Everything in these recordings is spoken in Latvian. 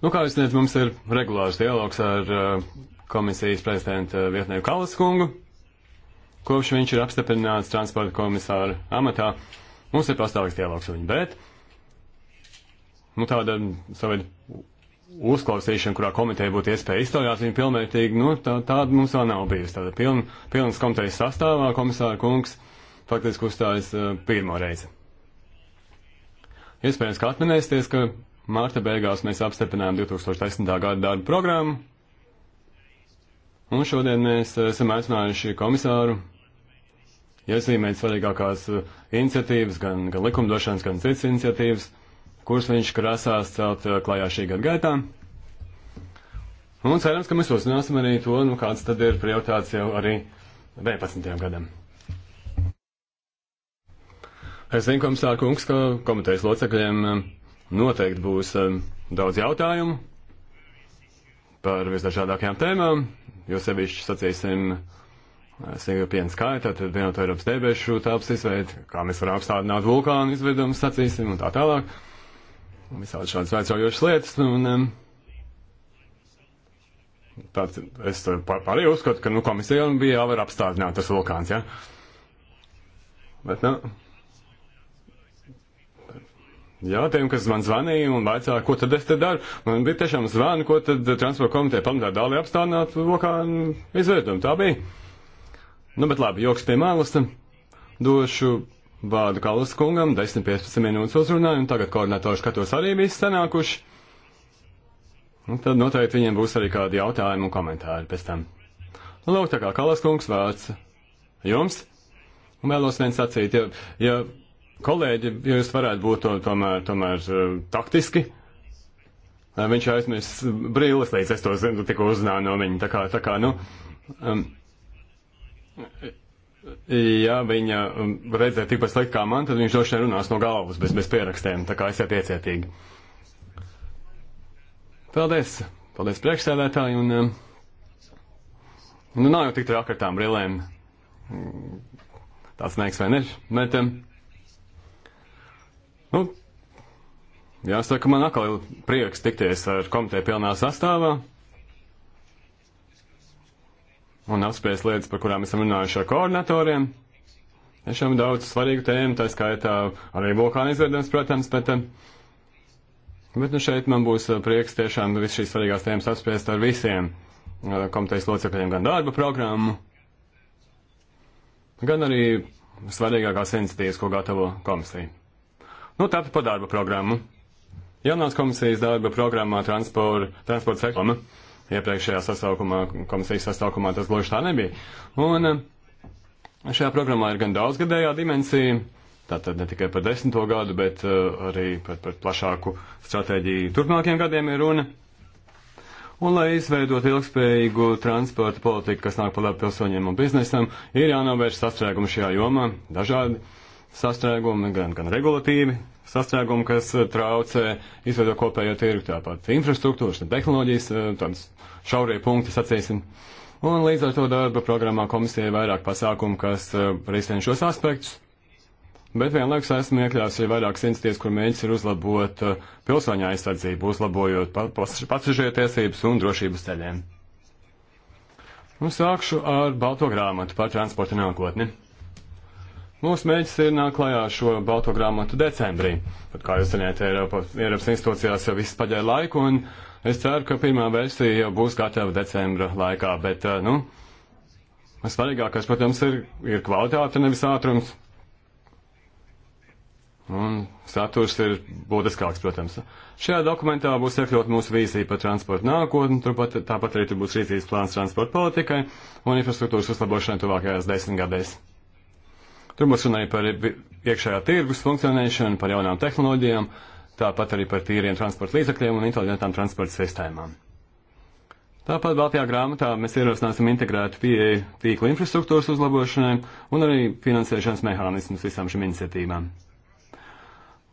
Nu, kā jūs teicat, mums ir regulārs dialogs ar uh, komisijas prezidenta uh, vietnieku Kalas kungu. Kopš viņš ir apstiprināts transporta komisāra amatā, mums ir pastāvīgs dialogs ar viņu, bet nu, tāda sava uzklausīšana, kurā komiteja būtu iespēja iztaujāt viņu pilnvērtīgi, nu, tā, tāda mums vēl nav bijusi. Tāda piln, pilnas komitejas sastāvā komisāra kungs faktiski uzstājas uh, pirmo reizi. Iespējams, ka atminēsieties, ka Mārta beigās mēs apstiprinājām 2010. gada darbu programmu, un šodien mēs eh, esam aicinājuši komisāru iezīmēt svarīgākās eh, iniciatīvas, gan, gan likumdošanas, gan citas iniciatīvas, kuras viņš krasās celt eh, klajā šī gada gaitā. Un cerams, ka mēs uzzināsim arī to, nu, kāds tad ir prioritāts jau arī 19. gadam. Es zinu, komisār kungs, ka komitejas locekļiem Noteikti būs um, daudz jautājumu par visdažādākajām tēmām, jo sevišķi sacīsim uh, Singapienas kāja, tātad vienotā Eiropas debešu tāps izveid, kā mēs varam apstādināt vulkānu izvedumu, sacīsim, un tā tālāk. Un visādi šādas vaicojošas lietas, un um, tāds, es arī uzskatu, ka, nu, komisijām bija jāvar apstādināt tas vulkāns, jā. Ja? Bet, nu, Jā, tiem, kas man zvanīja un vaicāja, ko tad es te daru, man bija tiešām zvani, ko tad transporta komiteja pamatā dāli apstādināt lokā un izvērtumu. Tā bija. Nu, bet labi, joks pie malas. Došu vārdu Kalas kungam, 10-15 minūtes uzrunāju, un tagad koordinatori skatos arī visi sanākuši. Un tad noteikti viņiem būs arī kādi jautājumi un komentāri pēc tam. Nu, lūk, tā kā Kalas kungs vārds jums. Un vēlos viens sacīt, ja, ja Kolēģi, jūs varētu būt to, tomēr, tomēr eh, taktiski. Eh, viņš aizmirst brīles, līdz es to zinu, tikko uzzināju no viņa. Tā kā, tā kā, nu, um, ja viņa um, redzēja tikpat slikti kā man, tad viņš droši vien runās no galvas, bez, bez pierakstiem. Tā kā esiet iecietīgi. Paldies! Paldies priekšsēdētāji! Un, um, nu, nav jau tik traki ar tām brīlēm. Mm, tāds neiks vai ne? Bet, um, Nu, jāsaka, man atkal ir prieks tikties ar komiteju pilnā sastāvā un apspriest lietas, par kurām esam runājuši ar koordinatoriem. Tiešām daudz svarīgu tēmu, tā skaitā arī vulkāna izvērtējums, protams, bet, eh, bet nu šeit man būs eh, prieks tiešām visu šīs svarīgās tēmas apspriest ar visiem eh, komitejas locekļiem gan darba programmu, gan arī svarīgākās iniciatīvas, ko gatavo komisija. Nu, tātad par darba programmu. Jaunās komisijas darba programmā transport, transporta sektorā iepriekšējā sasaukumā, komisijas sasaukumā tas gluži tā nebija. Un eh, šajā programmā ir gan daudzgadējā dimensija, tātad ne tikai par desmito gadu, bet eh, arī par, par plašāku stratēģiju turpmākiem gadiem ir runa. Un, lai izveidot ilgspējīgu transporta politiku, kas nāk par labu pilsoņiem un biznesam, ir jānovērš sastrēgumi šajā jomā, dažādi sastrēgumi, gan, gan regulatīvi, sastrēgumu, kas eh, traucē izveidot kopējo tirgu, tāpat infrastruktūras un tehnoloģijas, eh, tādas šaurie punkti, sacīsim. Un līdz ar to darba programmā komisija ir vairāk pasākumu, kas eh, risina šos aspektus. Bet vienlaikus esmu iekļāvis arī vairākas institūcijas, kur mēģis ir uzlabot pilsoņa aizsardzību, uzlabojot pasažieru tiesības un drošības ceļiem. Un sākšu ar balto grāmatu par transporta nākotni. Mūsu mērķis ir nākt klajā ar šo balto grāmatu decembrī. Pat kā jūs zināt, Eiropas, Eiropas institūcijās jau viss paģēra laiku, un es ceru, ka pirmā versija jau būs gatava decembra laikā, bet, eh, nu, svarīgākais, protams, ir, ir kvalitāte, nevis ātrums. Un saturs ir būtiskāks, protams. Šajā dokumentā būs iekļaut mūsu vīzija par transportu nākotni, turpat tāpat arī tur būs rīcības plāns transporta politikai un infrastruktūras uzlabošanai tuvākajās desmitgadēs. Tur mums runāja par iekšējā tirgus funkcionēšanu, par jaunām tehnoloģijām, tāpat arī par tīriem transporta līdzakļiem un inteliģentām transporta sistēmām. Tāpat Baltijā grāmatā mēs ierosināsim integrētu pieeju tīkla infrastruktūras uzlabošanai un arī finansēšanas mehānismus visām šīm iniciatīvām.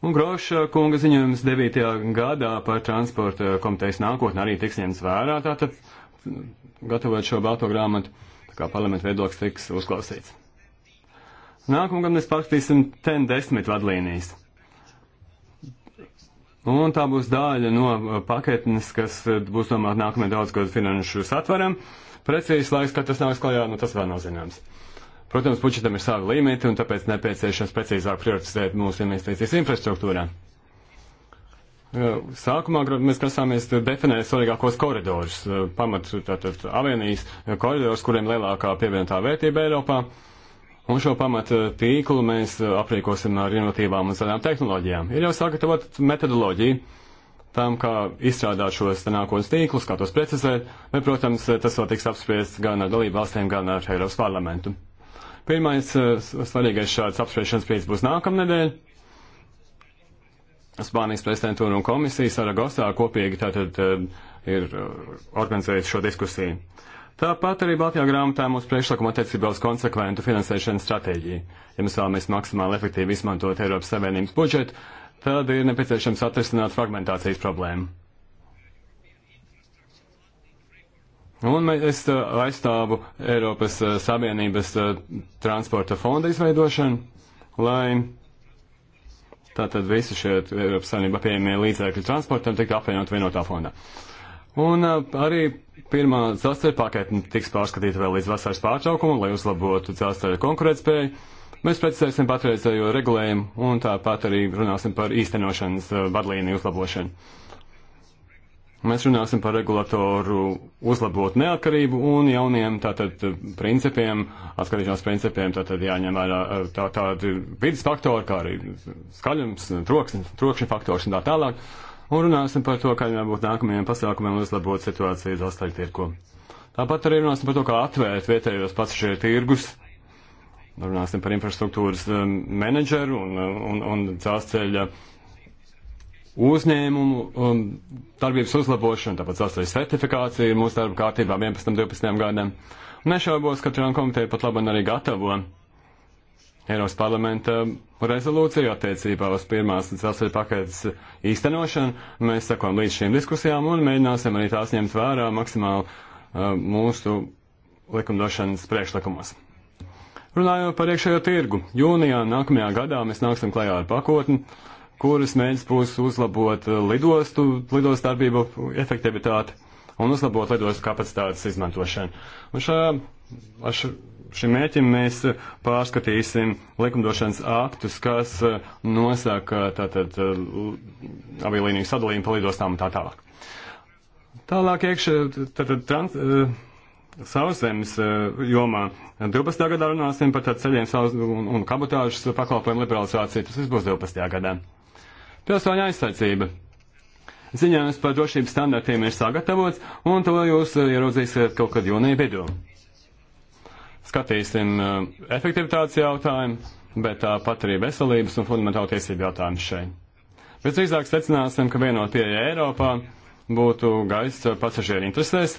Un Groša kunga ziņojums 9. gadā par transporta komitejas nākotni arī tiks ņemts vērā, tātad gatavot šo balto grāmatu, tā kā parlamentu viedoklis tiks uzklausīts. Nākamgad mēs pārskatīsim ten desmit vadlīnijas. Un tā būs daļa no uh, paketnes, kas uh, būs domāta nākamajā daudzgadu finanšu satvaram. Precīzi laiks, kad tas nāks klajā, nu tas vēl nav zināms. Protams, budžetam ir savi limiti, un tāpēc nepieciešams precīzāk prioritizēt mūsu investīcijas infrastruktūrā. Uh, sākumā mēs grasāmies definēt svarīgākos koridorus, pamatu tātad avienijas koridorus, kuriem lielākā pievienotā vērtība Eiropā. Un šo pamatu eh, tīklu mēs eh, aprīkosim ar inovatīvām un zaļām tehnoloģijām. Ir jau sagatavot metodoloģiju tam, kā izstrādāt šos nākotnes tīklus, kā tos precizēt, bet, protams, eh, tas vēl tiks apspriests gan ar dalību valstīm, gan ar Eiropas parlamentu. Pirmais svarīgais šāds apspriešanas brīdis būs nākamnedēļ. Spānijas prezidentūra un komisija Saragosā kopīgi tātad ir organizējusi šo diskusiju. Tāpat arī Baltijā grāmatā mūsu priekšlikuma attiecībā uz konsekventu finansēšanas stratēģiju. Ja mēs vēlamies maksimāli efektīvi izmantot Eiropas Savienības budžetu, tad ir nepieciešams atrisināt fragmentācijas problēmu. Un es eh, aizstāvu Eiropas eh, Savienības eh, transporta fonda izveidošanu, lai tātad visi šie Eiropas Savienība pieejamie līdzēkļi transportam tiktu apvienot vienotā fondā. Un arī Pirmā dzelzceļa paketne tiks pārskatīta vēl līdz vasaras pārtraukumam, lai uzlabotu dzelzceļa konkurētspēju. Mēs precizēsim patreizējo regulējumu un tāpat arī runāsim par īstenošanas eh, vadlīniju uzlabošanu. Mēs runāsim par regulatoru uzlabot neatkarību un jauniem tātad eh, principiem, atskatīšanās principiem, tātad jāņem vērā eh, tā, tādi vidas faktori, kā arī skaļums, troksni, trokšņa faktors un tā tālāk un runāsim par to, kādiem jābūt nākamajiem pasākumiem, lai uzlabotu situāciju dzelzceļa tirku. Tāpat arī runāsim par to, kā atvērt vietējos pasažieru tirgus. Runāsim par infrastruktūras um, menedžeru un, un, un dzelzceļa uzņēmumu um, darbības uzlabošanu, tāpat dzelzceļa certifikācija ir mūsu darba kārtībā 11. un 12. gadam. Nešaubos, ka Trumpa komiteja pat labam arī gatavo Eiropas parlamenta rezolūciju attiecībā uz pirmās un ceturtās paketes īstenošanu. Mēs sakām līdz šīm diskusijām un mēģināsim arī tās ņemt vērā maksimāli uh, mūsu likumdošanas priekšlikumos. Runājot par iekšējo tirgu, jūnijā nākamajā gadā mēs nāksim klajā ar pakotni, kuras mērķis būs uzlabot lidostu, lidostu darbību efektivitāti un uzlabot lidostu kapacitātes izmantošanu. Un šajā, ar šim mēķim mēs pārskatīsim likumdošanas aktus, kas eh, nosaka eh, tātad eh, avielīniju sadalījumu pa lidostām un tā tālāk. Tālāk iekšā, tātad trans, sauszemes jomā. 12. gadā runāsim par tādu ceļiem sauz, un, un kabotāžas pakalpojumu liberalizāciju. Tas viss būs 12. gadā. Pilsoņa aizsardzība. Ziņojums par drošības standartiem ir sagatavots, un to jūs ieraudzīsiet kaut kad jūnija vidū skatīsim eh, efektivitātes jautājumu, bet tāpat arī veselības un fundamentālu tiesību jautājumu šeit. Bet drīzāk secināsim, ka vienot pieeja Eiropā būtu gaisa eh, pasažieru interesēs,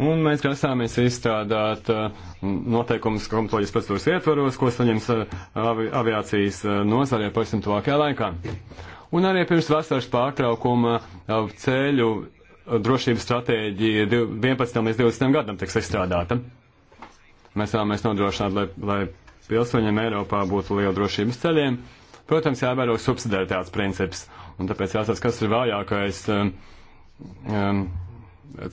un mēs grasāmies izstrādāt eh, noteikumus komplektas procedūras ietvaros, ko saņems avi, aviācijas nozarē pavisam tuvākajā laikā. Un arī pirms vasaras pārtraukuma ceļu drošības stratēģija 11. līdz 20. gadam tiks izstrādāta. Mēs vēlamies nodrošināt, lai, lai pilsoņiem Eiropā būtu liela drošības ceļiem. Protams, jāvēro subsidiaritātes princips, un tāpēc jāsaka, kas ir vājākais um, um,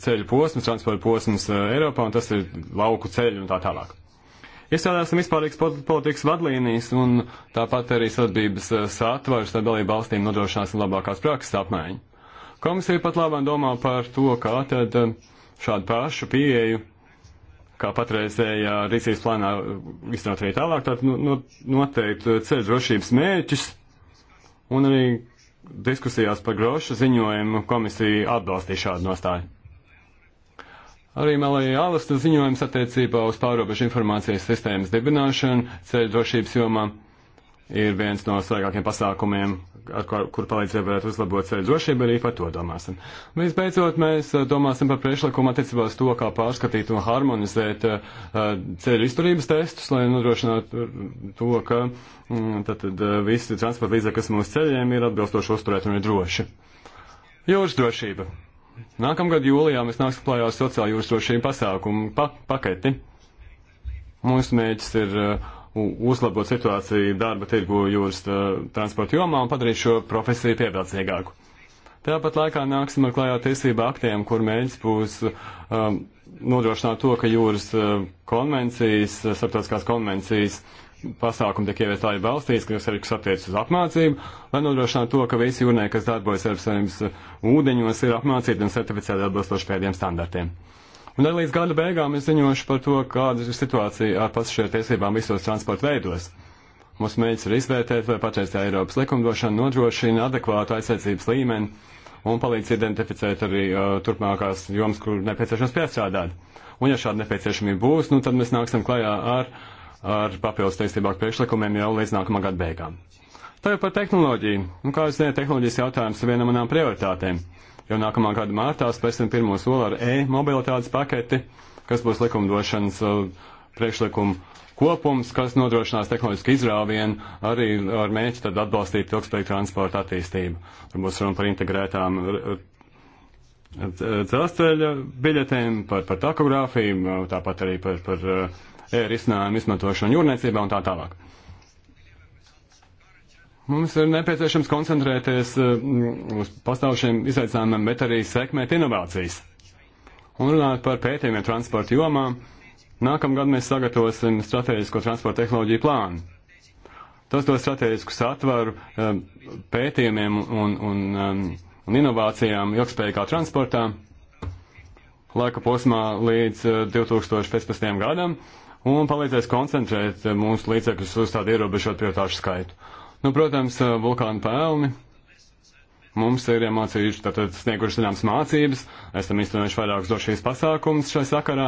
ceļu posms, transporta posms uh, Eiropā, un tas ir lauku ceļi un tā tālāk. Izstrādāsim vispārīgas politikas vadlīnijas un tāpat arī sadarbības uh, satvaru starp dalību valstīm nodrošināsim labākās prakses apmaiņu. Komisija pat labāk domā par to, kā tad uh, šādu pašu pieeju kā patreizējā rīcības plānā izstrādāt arī tālāk, tad nu, nu noteikti uh, ceļu drošības mērķus un arī diskusijās par grošu ziņojumu komisija atbalstīja šādu nostāju. Arī Melija Alasta ziņojums attiecībā uz pārobežu informācijas sistēmas dibināšanu ceļu drošības jomā ir viens no svarīgākiem pasākumiem, kur, kur palīdzība varētu uzlabot ceļu drošību, arī par to domāsim. Visbeidzot, mēs eh, domāsim par priekšlikumu attiecībā uz to, kā pārskatīt un harmonizēt eh, ceļu izturības testus, lai nodrošinātu eh, to, ka tātad, mm, visi transporta līdzekļi, kas mūsu ceļiem ir atbilstoši uzturēt un ir droši. Jūras drošība. Nākamgad jūlijā mēs nāksim klājā ar sociālo jūras drošību pasākumu pa, paketi. Mūsu mēģis ir uh, uzlabot situāciju darba tirgu jūras transporta jomā un padarīt šo profesiju pievilcīgāku. Tāpat laikā nāksim ar klājā tiesību aktiem, kur mēģis būs um, nodrošināt to, ka jūras konvencijas, starptautiskās konvencijas pasākumi tiek ieviest arī valstīs, kas arī attiec uz apmācību, lai nodrošinātu to, ka visi jūrnieki, kas darbojas ar saviem ūdeņos, ir apmācīti un certificēti atbilstoši pēdējiem standartiem. Uh, Un arī līdz gada beigām es ziņošu par to, kāda ir situācija ar pasažieru tiesībām visos transporta veidos. Mums mēģis ir izvērtēt, vai patreizējā Eiropas likumdošana nodrošina adekvātu aizsardzības līmeni un palīdz identificēt arī uh, turpmākās jomas, kur nepieciešams piestrādāt. Un ja šāda nepieciešamība būs, nu tad mēs nāksim klajā ar, ar papildus tiesībāk priekšlikumiem jau līdz nākamā gada beigām. Tā jau par tehnoloģiju. Nu, kā jūs zināt, tehnoloģijas jautājums ir viena no manām prioritātēm jau nākamā gada martā spēsim pirmo soli ar e-mobilitātes paketi, kas būs likumdošanas uh, priekšlikumu kopums, kas nodrošinās tehnoloģisku izrāvienu arī ar mēģi tad atbalstīt ilgspēju transporta attīstību. Tur būs runa par integrētām uh, uh, dzelzceļa biļetēm, par, par takogrāfiju, tāpat arī par, par e-risinājumu izmantošanu jūrniecībā un tā tālāk. Mums ir nepieciešams koncentrēties eh, uz pastāvošiem izaicinājumiem, bet arī sekmēt inovācijas. Un runāt par pētījumiem transporta jomā, nākamgad mēs sagatavosim strateģisko transporta tehnoloģiju plānu. Tas dos strateģisku satvaru eh, pētījumiem un, un, um, un inovācijām ilgspējīgā transportā laika posmā līdz 2015. Eh, gadam un palīdzēs koncentrēt mūsu līdzekļus uz tādu ierobežotu prioritāšu skaitu. Nu, protams, vulkāna pelni mums ir iemācījuši, tātad snieguši zināmas mācības, esam izturējuši vairākus došīs pasākumus šai sakarā,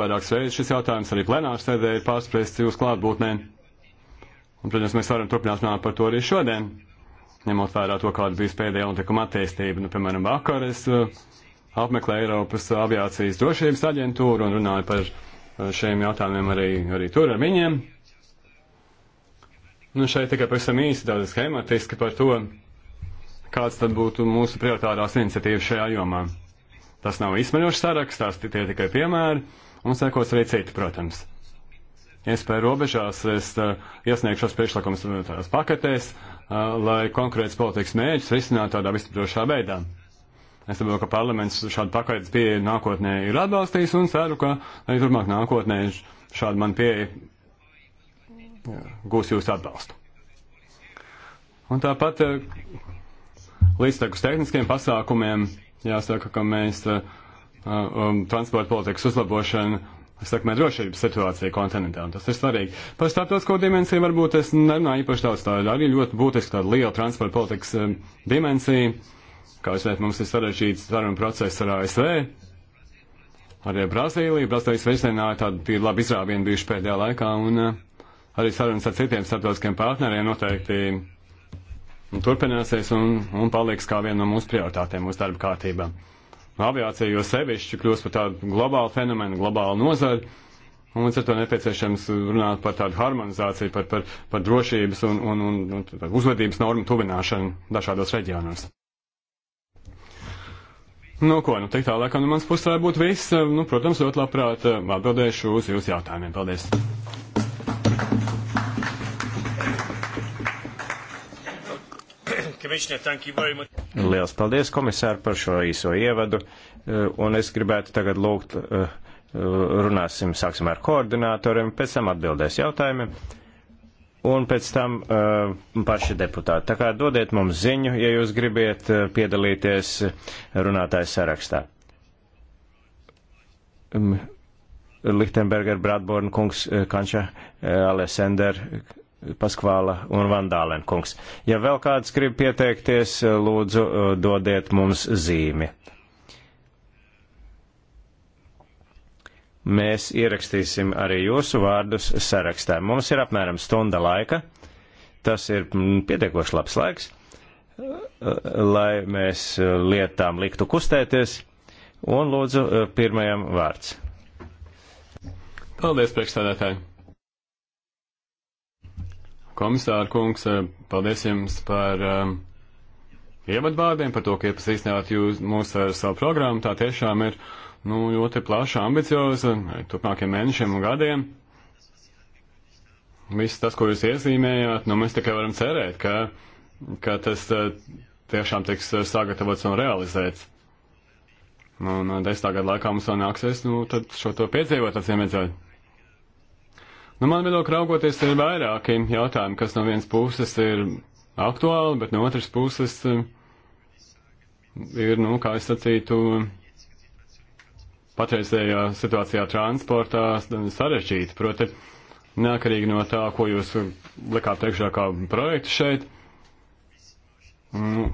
vairākas reizes šis jautājums arī plenārs sēdē ir pārspriests jūs klātbūtnē. Un, protams, mēs varam turpināt runāt par to arī šodien, ņemot vērā to, kāda bija pēdējā notikuma attīstība. Nu, piemēram, vakar es uh, apmeklēju Eiropas aviācijas drošības aģentūru un runāju par šiem jautājumiem arī, arī tur ar viņiem. Nu, šeit tikai pavisam īsi daudz schematiski par to, kāds tad būtu mūsu prioritārās iniciatīvas šajā jomā. Tas nav izsmeļošs saraksts, tās tie tikai piemēri, un sekos arī citi, protams. Iespēju robežās es uh, iesniegšu šos priekšlikumus tādās paketēs, uh, lai konkrēts politikas mēģis risinātu tādā visaptrošā veidā. Es saprotu, ka parlaments šādu pakaitas pieeju nākotnē ir atbalstījis un ceru, ka arī turpmāk nākotnē šāda man pieeja gūs jūsu atbalstu. Un tāpat eh, līdztekus tehniskiem pasākumiem jāsaka, ka mēs eh, eh, um, transporta politikas uzlabošanu sakmē drošības situācija kontinentā, un tas ir svarīgi. Par starptautisko dimensiju varbūt es nerunāju īpaši daudz, tā ir arī ļoti būtiska tāda liela transporta politikas dimensija. Kā jūs zināt, mums ir sarežģīts saruna process ar ASV, arī ar Brazīliju. Brazīlijas virzienā tāda ir laba izrāviena bijuši pēdējā laikā, un uh, arī sarunas ar citiem starptautiskiem partneriem noteikti turpināsies un, un paliks kā viena no mūsu prioritātēm mūsu darba kārtībā. Aviācija jo sevišķi kļūst par tādu globālu fenomenu, globālu nozari, un līdz ar to nepieciešams runāt par tādu harmonizāciju, par, par, par drošības un, un, un, un uzvedības normu tuvināšanu dažādos reģionos. Nu, ko, nu, tik tā laikam no nu, mans pusē būtu viss. Nu, protams, ļoti labprāt eh, atbildēšu uz jūsu jautājumiem. Paldies! Liels paldies, komisāri, par šo īso ievadu. Eh, un es gribētu tagad lūgt, eh, runāsim, sāksim ar koordinatoriem, pēc tam atbildēs jautājumiem. Un pēc tam uh, paši deputāti. Tā kā dodiet mums ziņu, ja jūs gribiet uh, piedalīties runātājs sarakstā. Um, Lichtenberger, Bradborn kungs, Kanča, Alessander, Paskvāla un Vandālen kungs. Ja vēl kāds grib pieteikties, lūdzu, eh, dodiet mums zīmi. Mēs ierakstīsim arī jūsu vārdus sarakstā. Mums ir apmēram stunda laika. Tas ir mm, pietiekoši labs laiks, eh, lai mēs eh, lietām liktu kustēties. Un lūdzu, pirmajam vārds. Paldies, priekšstādātāji! Komisāra kungs, eh, paldies jums par um, ievadvārdiem, par to, ka iepazīstināt jūs mūs ar savu programmu. Tā tiešām ir nu, ļoti plaša, ambicioza eh, turpmākiem mēnešiem un gadiem. Viss tas, ko jūs iezīmējāt, nu, mēs tikai varam cerēt, ka, ka tas tiešām tiks sagatavots un realizēts. Nu, un desmitā gada laikā mums vēl nāksies nu, šo to piedzīvot, atcīm redzēt. Nu, man vienok raugoties ir vairāki jautājumi, kas no vienas puses ir aktuāli, bet no otras puses eh, ir, nu, kā es sacītu, patreizējā situācijā transportā sarežģīti. Proti, neakarīgi no tā, ko jūs likāt priekšā kā projektu šeit, nu,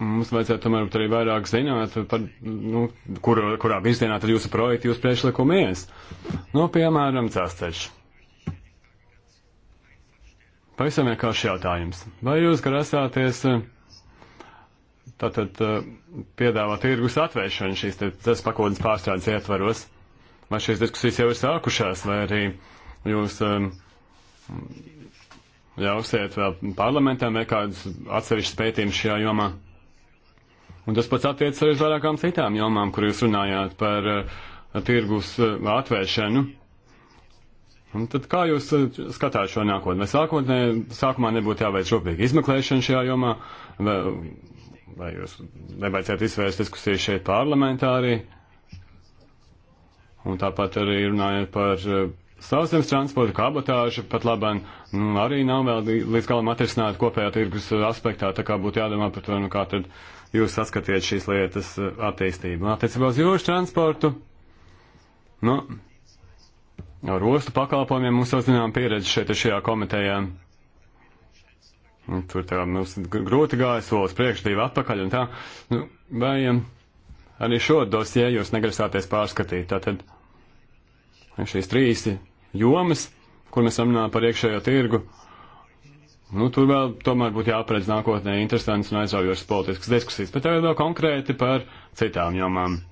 mums vajadzētu tomēr arī vairāk zināt, par, nu, kur, kurā virzienā tad jūsu projekti, jūsu priekšlikumi ies. Nu, piemēram, cēsteļš. Pavisam vienkārši jautājums. Vai jūs grasāties eh, tātad eh, piedāvāt tirgus atvēršanu šīs tas pakodas pārstrādes ietvaros? Vai šīs diskusijas jau ir sākušās, vai arī jūs eh, ļausiet vēl parlamentam vai kādus atsevišķus pētījumus šajā jomā? Un tas pats attiecas arī uz vairākām citām jomām, kur jūs runājāt par tirgus atvēršanu. Un tad kā jūs uh, skatāt šo nākotni? Vai sākotnē, sākumā nebūtu jāveic rūpīgi izmeklēšana šajā jomā, vai, vai jūs nevajadzētu izvērst diskusiju šeit parlamentā arī? Un tāpat arī runājot par uh, sauszemes transportu, kabotāžu, pat labāk, nu, arī nav vēl līdz galam atrisināt kopējā tirgus uh, aspektā, tā kā būtu jādomā par to, nu kā tad jūs saskatiet šīs lietas attīstību. Un attiecībā uz jūras transportu, nu, ar ostu pakalpojumiem mums jau zinām pieredze šeit šajā komitejā. Tur tā mums grūti gāja solis priekš, divi atpakaļ un tā. Nu, vai um, arī šo dosie jūs negrasāties pārskatīt? Tātad šīs trīs jomas, kur mēs runājam par iekšējo tirgu, nu, tur vēl tomēr būtu jāparedz nākotnē interesants un aizraujošas politiskas diskusijas, bet tagad vēl konkrēti par citām jomām.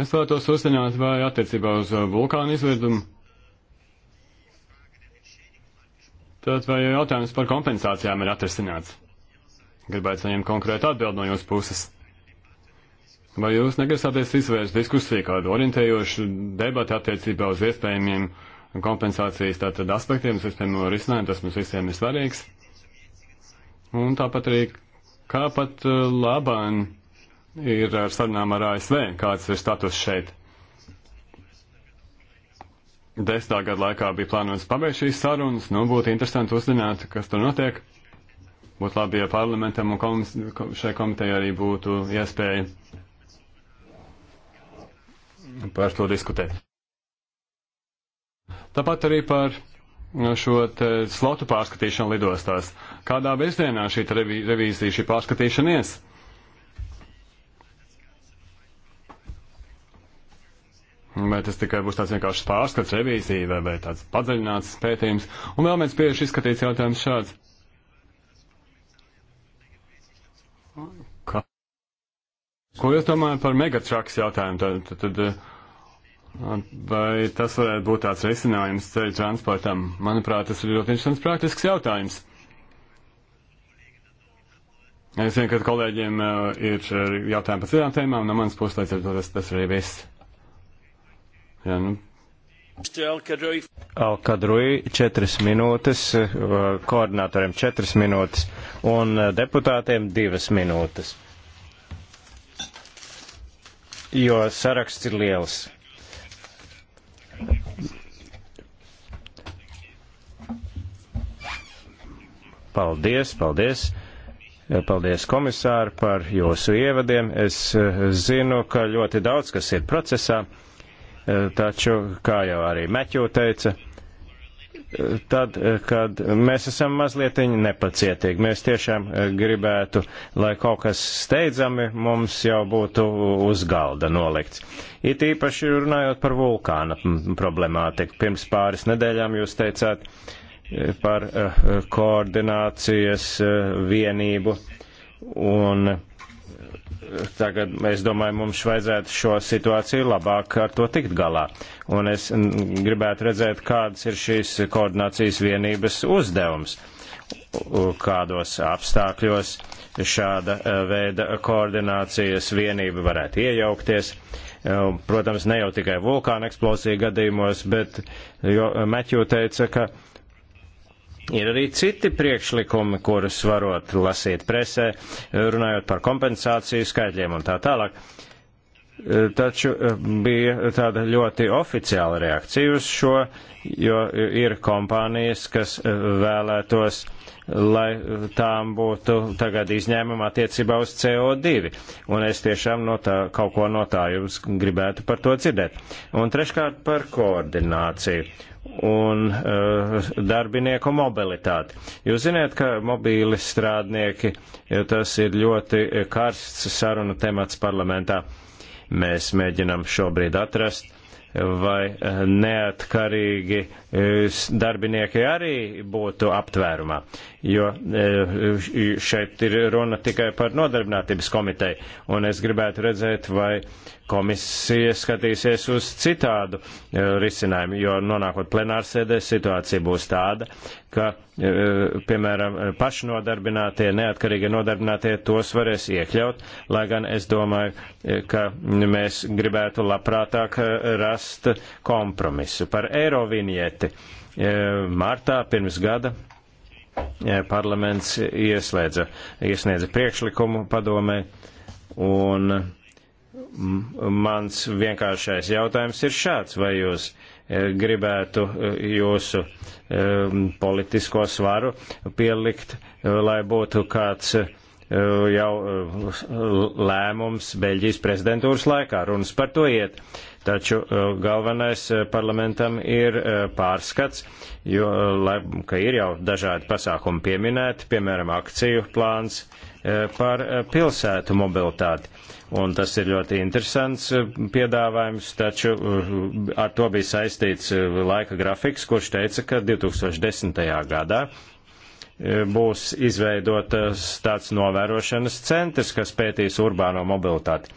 Es vēlētos uzzināt, vai attiecībā uz uh, vulkānu izvirdumu. Tad vai jautājums par kompensācijām ir atrisināts? Gribētu saņemt konkrētu atbildi no jūsu puses. Vai jūs negrasāties izvērst diskusiju kādu orientējošu debatu attiecībā uz iespējamiem kompensācijas tātad aspektiem, uz iespējamo risinājumu, tas mums visiem ir svarīgs? Un tāpat arī, kā pat uh, labāk ir ar eh, sarunām ar ASV, kāds ir status šeit. Desmitā gada laikā bija plānots pabeigt šīs sarunas, nu būtu interesanti uzzināt, kas tur notiek. Būtu labi, ja parlamentam un komis, šai komitejai arī būtu iespēja par to diskutēt. Tāpat arī par šo slotu pārskatīšanu lidostās. Kādā virzienā šī revīzija, šī pārskatīšana ies? Vai tas tikai būs tāds vienkāršs pārskats, revīzija vai, vai tāds padziļināts pētījums? Un vēl mēs bieži izskatīts jautājums šāds. Ka? Ko jūs domājat par megatraks jautājumu? Tad, tad, tad, eh, vai tas varētu būt tāds risinājums ceļu transportam? Manuprāt, tas ir ļoti interesants praktisks jautājums. Es zinu, ka kolēģiem eh, ir eh, jautājumi par citām tēmām, no manas puses līdz ar to tas, tas arī viss. Jā, nu. Alkadruji 4 minūtes, eh, koordinatoriem 4 minūtes un eh, deputātiem 2 minūtes. Jo saraksts ir liels. Paldies, paldies. Paldies, komisāri, par jūsu ievadiem. Es eh, zinu, ka ļoti daudz kas ir procesā. Taču, kā jau arī Meķu teica, tad, kad mēs esam mazliet nepacietīgi, mēs tiešām gribētu, lai kaut kas steidzami mums jau būtu uz galda nolikts. It īpaši runājot par vulkāna problemātiku. Pirms pāris nedēļām jūs teicāt par eh, koordinācijas eh, vienību un tagad es domāju, mums vajadzētu šo situāciju labāk ar to tikt galā. Un es gribētu redzēt, kādas ir šīs koordinācijas vienības uzdevums, kādos apstākļos šāda e, veida koordinācijas vienība varētu iejaukties. E, protams, ne jau tikai vulkāna eksplozija gadījumos, bet Meķu teica, ka Ir arī citi priekšlikumi, kurus varot lasīt presē, runājot par kompensāciju skaitļiem un tā tālāk. Uh, taču eh, bija tāda ļoti oficiāla reakcija uz šo, jo ir kompānijas, kas eh, vēlētos, lai eh, tām būtu tagad izņēmuma attiecībā uz CO2. Un es tiešām no tā, kaut ko no tā jums gribētu par to dzirdēt. Un treškārt par koordināciju un uh, darbinieku mobilitāti. Jūs zināt, ka mobīli strādnieki, tas ir ļoti karsts sarunu temats parlamentā. Uh, mēs mēģinam šobrīd atrast, vai neatkarīgi darbinieki arī būtu aptvērumā, jo e, šeit ir runa tikai par nodarbinātības komiteju, un es gribētu redzēt, vai komisija skatīsies uz citādu e, risinājumu, jo nonākot plenārsēdē situācija būs tāda, ka, e, piemēram, pašnodarbinātie, neatkarīgi nodarbinātie tos varēs iekļaut, lai gan es domāju, ka mēs gribētu labprātāk rast kompromisu par eirovinieti lieti. E, martā pirms gada e, parlaments ieslēdza, iesniedza priekšlikumu padomē, un mans vienkāršais jautājums ir šāds, vai jūs e, gribētu jūsu politisko svaru pielikt, lai būtu kāds jau eh, lēmums Beļģijas prezidentūras laikā. Runas par to iet. Taču eh, galvenais eh, parlamentam ir pārskats, jo, lai, ka ir jau dažādi pasākumi pieminēti, piemēram, akciju plāns par pilsētu mobilitāti. Un tas ir ļoti interesants piedāvājums, taču ar to bija saistīts laika grafiks, kurš teica, ka 2010. gadā būs izveidotas eh, tāds novērošanas centrs, kas pētīs urbāno mobilitāti.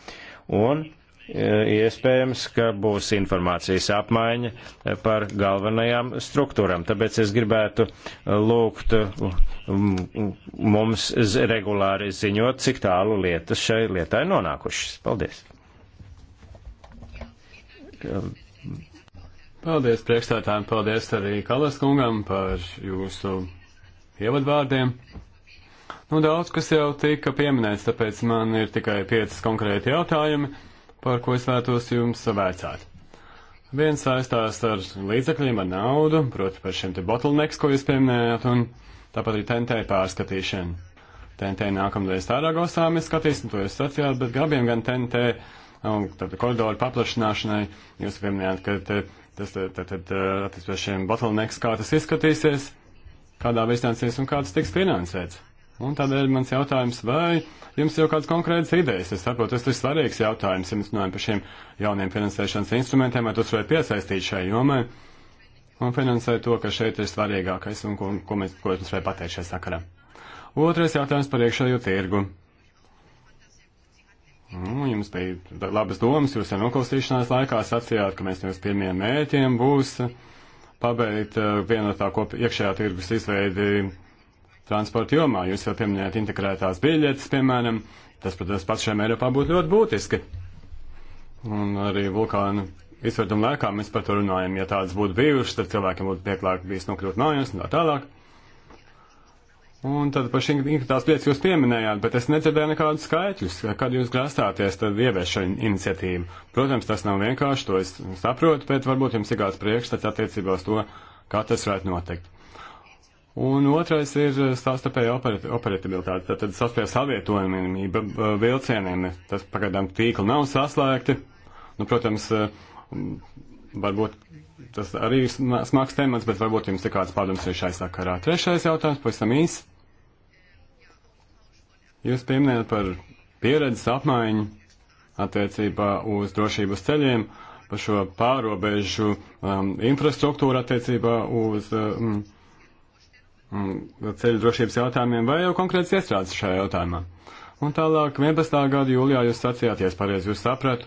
Un eh, iespējams, ka būs informācijas apmaiņa eh, par galvenajām struktūram. Tāpēc es gribētu lūgt mm, mm, mums regulāri ziņot, cik tālu lietas šai lietai nonākušas. Paldies! Paldies priekšstātājiem, paldies arī Kalas kungam par jūsu ievadvārdiem. Nu, daudz kas jau tika pieminēts, tāpēc man ir tikai pieci konkrēti jautājumi, par ko es vētos jums vēcāt. Viens saistās ar līdzekļiem, ar naudu, proti par šiem te bottlenecks, ko jūs pieminējāt, un tāpat arī TNT pārskatīšana. TNT nākamreiz Tāragosā mēs skatīsim, to jūs sacījāt, bet gabiem gan TNT, un tātad koridoru paplašināšanai, jūs pieminējāt, ka te, tas, tad, tad, attiecībā šiem bottlenecks, kā tas izskatīsies kādā distancēs un kāds tiks finansēts. Un tādēļ mans jautājums, vai jums jau kādas konkrētas idejas? Es saprotu, tas ir svarīgs jautājums, ja mēs runājam par šiem jauniem finansēšanas instrumentiem, vai tos vajag piesaistīt šai jomai un finansēt to, kas šeit ir svarīgākais un ko, ko, mēs, ko es mums vajag pateikt šajā sakarā. Otrais jautājums par iekšējo tirgu. Nu, jums bija labas domas, jūs jau noklausīšanās laikā sacījāt, ka mēs jums pirmiem mēķiem būs. Uh, pabeigt eh, vienotā kopa iekšējā tirgus izveidi transporta jomā. Jūs jau pieminējāt integrētās biļetes, piemēram, tas, protams, pašiem Eiropā būtu ļoti būtiski. Un arī vulkānu izvērtuma laikā mēs par to runājam. Ja tādas būtu bijušas, tad cilvēkiem būtu vieglāk bijis nokļūt mājās un tā tālāk. Un tad par šīm konkrētās lietas jūs pieminējāt, bet es nedzirdēju nekādus skaitļus, kad jūs grasāties tad ieviest šo iniciatīvu. Protams, tas nav vienkārši, to es saprotu, bet varbūt jums ir kāds priekšstats attiecībā uz to, kā tas varētu notikt. Un otrais ir sastarpēja operat operatibilitāte, tad, tad sastarpēja savietojumība vilcieniem, tas pagaidām tīkli nav saslēgti. Nu, protams, varbūt tas arī ir smags temats, bet varbūt jums ir kāds padoms šai sakarā. Trešais jautājums, pavisam īsi. Jūs pieminējat par pieredzes apmaiņu attiecībā uz drošības ceļiem, par šo pārobežu um, infrastruktūru attiecībā uz um, um ceļu drošības jautājumiem vai jau konkrēts iestrādes šajā jautājumā. Un tālāk 11. gada jūlijā jūs sacījāties pareizi, jūs sapratu,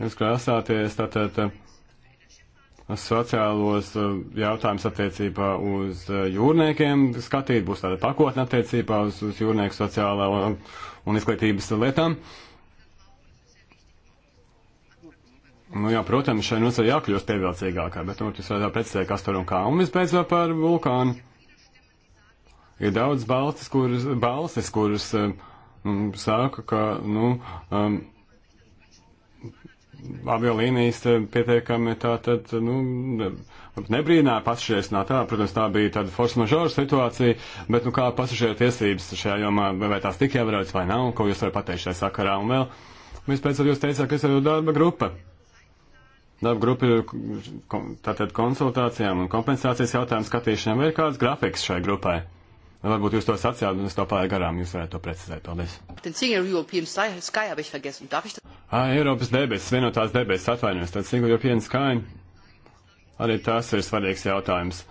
jūs krāsāties, tātad. Tā, tā, sociālos uh, jautājumus attiecībā uz uh, jūrniekiem skatīt, būs tāda pakotne attiecībā uz, uz jūrnieku sociālā un, un izglītības lietām. Nu jā, protams, šai nozarei jākļūst pievilcīgākai, bet nu, tas vēl precizēja, kas tur un kā. Un visbeidzot par vulkānu. Ir daudz balsis, kuras, balsis, kuras um, saka, ka, nu, um, aviolīnijas pietiekami tā tad, nu, nebrīnāja pasažieris nā tā, protams, tā bija tāda force majeure situācija, bet, nu, kā pasažieru tiesības šajā jomā, vai tās tik ievērotas vai nav, ko jūs varat pateikt šai sakarā, un vēl, vispēc ar jūs teicāt, ka es esmu darba grupa. Darba grupa ir tātad konsultācijām un kompensācijas jautājumu skatīšanām, vai ir kāds grafiks šai grupai? Varbūt jūs to sacījāt, un es to pārēju garām. Jūs varētu to precizēt. Paldies. Ā, ah, Eiropas debesis, vienotās debesis, atvainojos. Tad Single European Sky. Arī tas ir svarīgs jautājums.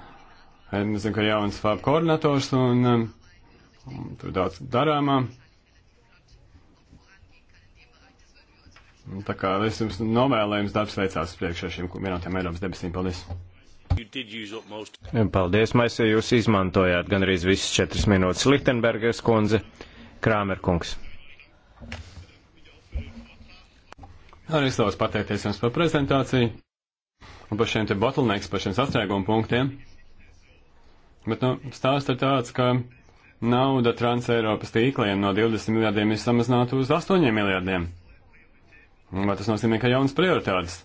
Es zinu, ka ir jauns FAB koordinators, un, un tur daudz darāmā. Tā kā es jums novēlēju, jums darbs veicās priekšā šiem vienotiem Eiropas debesīm. Paldies. Paldies, Maisē, jūs izmantojāt gandrīz visas četras minūtes. Lichtenbergers kundze, Krāmerkungs. Arī es vēlos pateikties jums par prezentāciju un par šiem te bottlenecks, par šiem sastrēgumu punktiem. Bet, nu, stāsts ir tāds, ka nauda Trans-Eiropas tīkliem no 20 miljardiem ir samazināta uz 8 miljardiem. Vai tas nozīmē, ka jaunas prioritātes?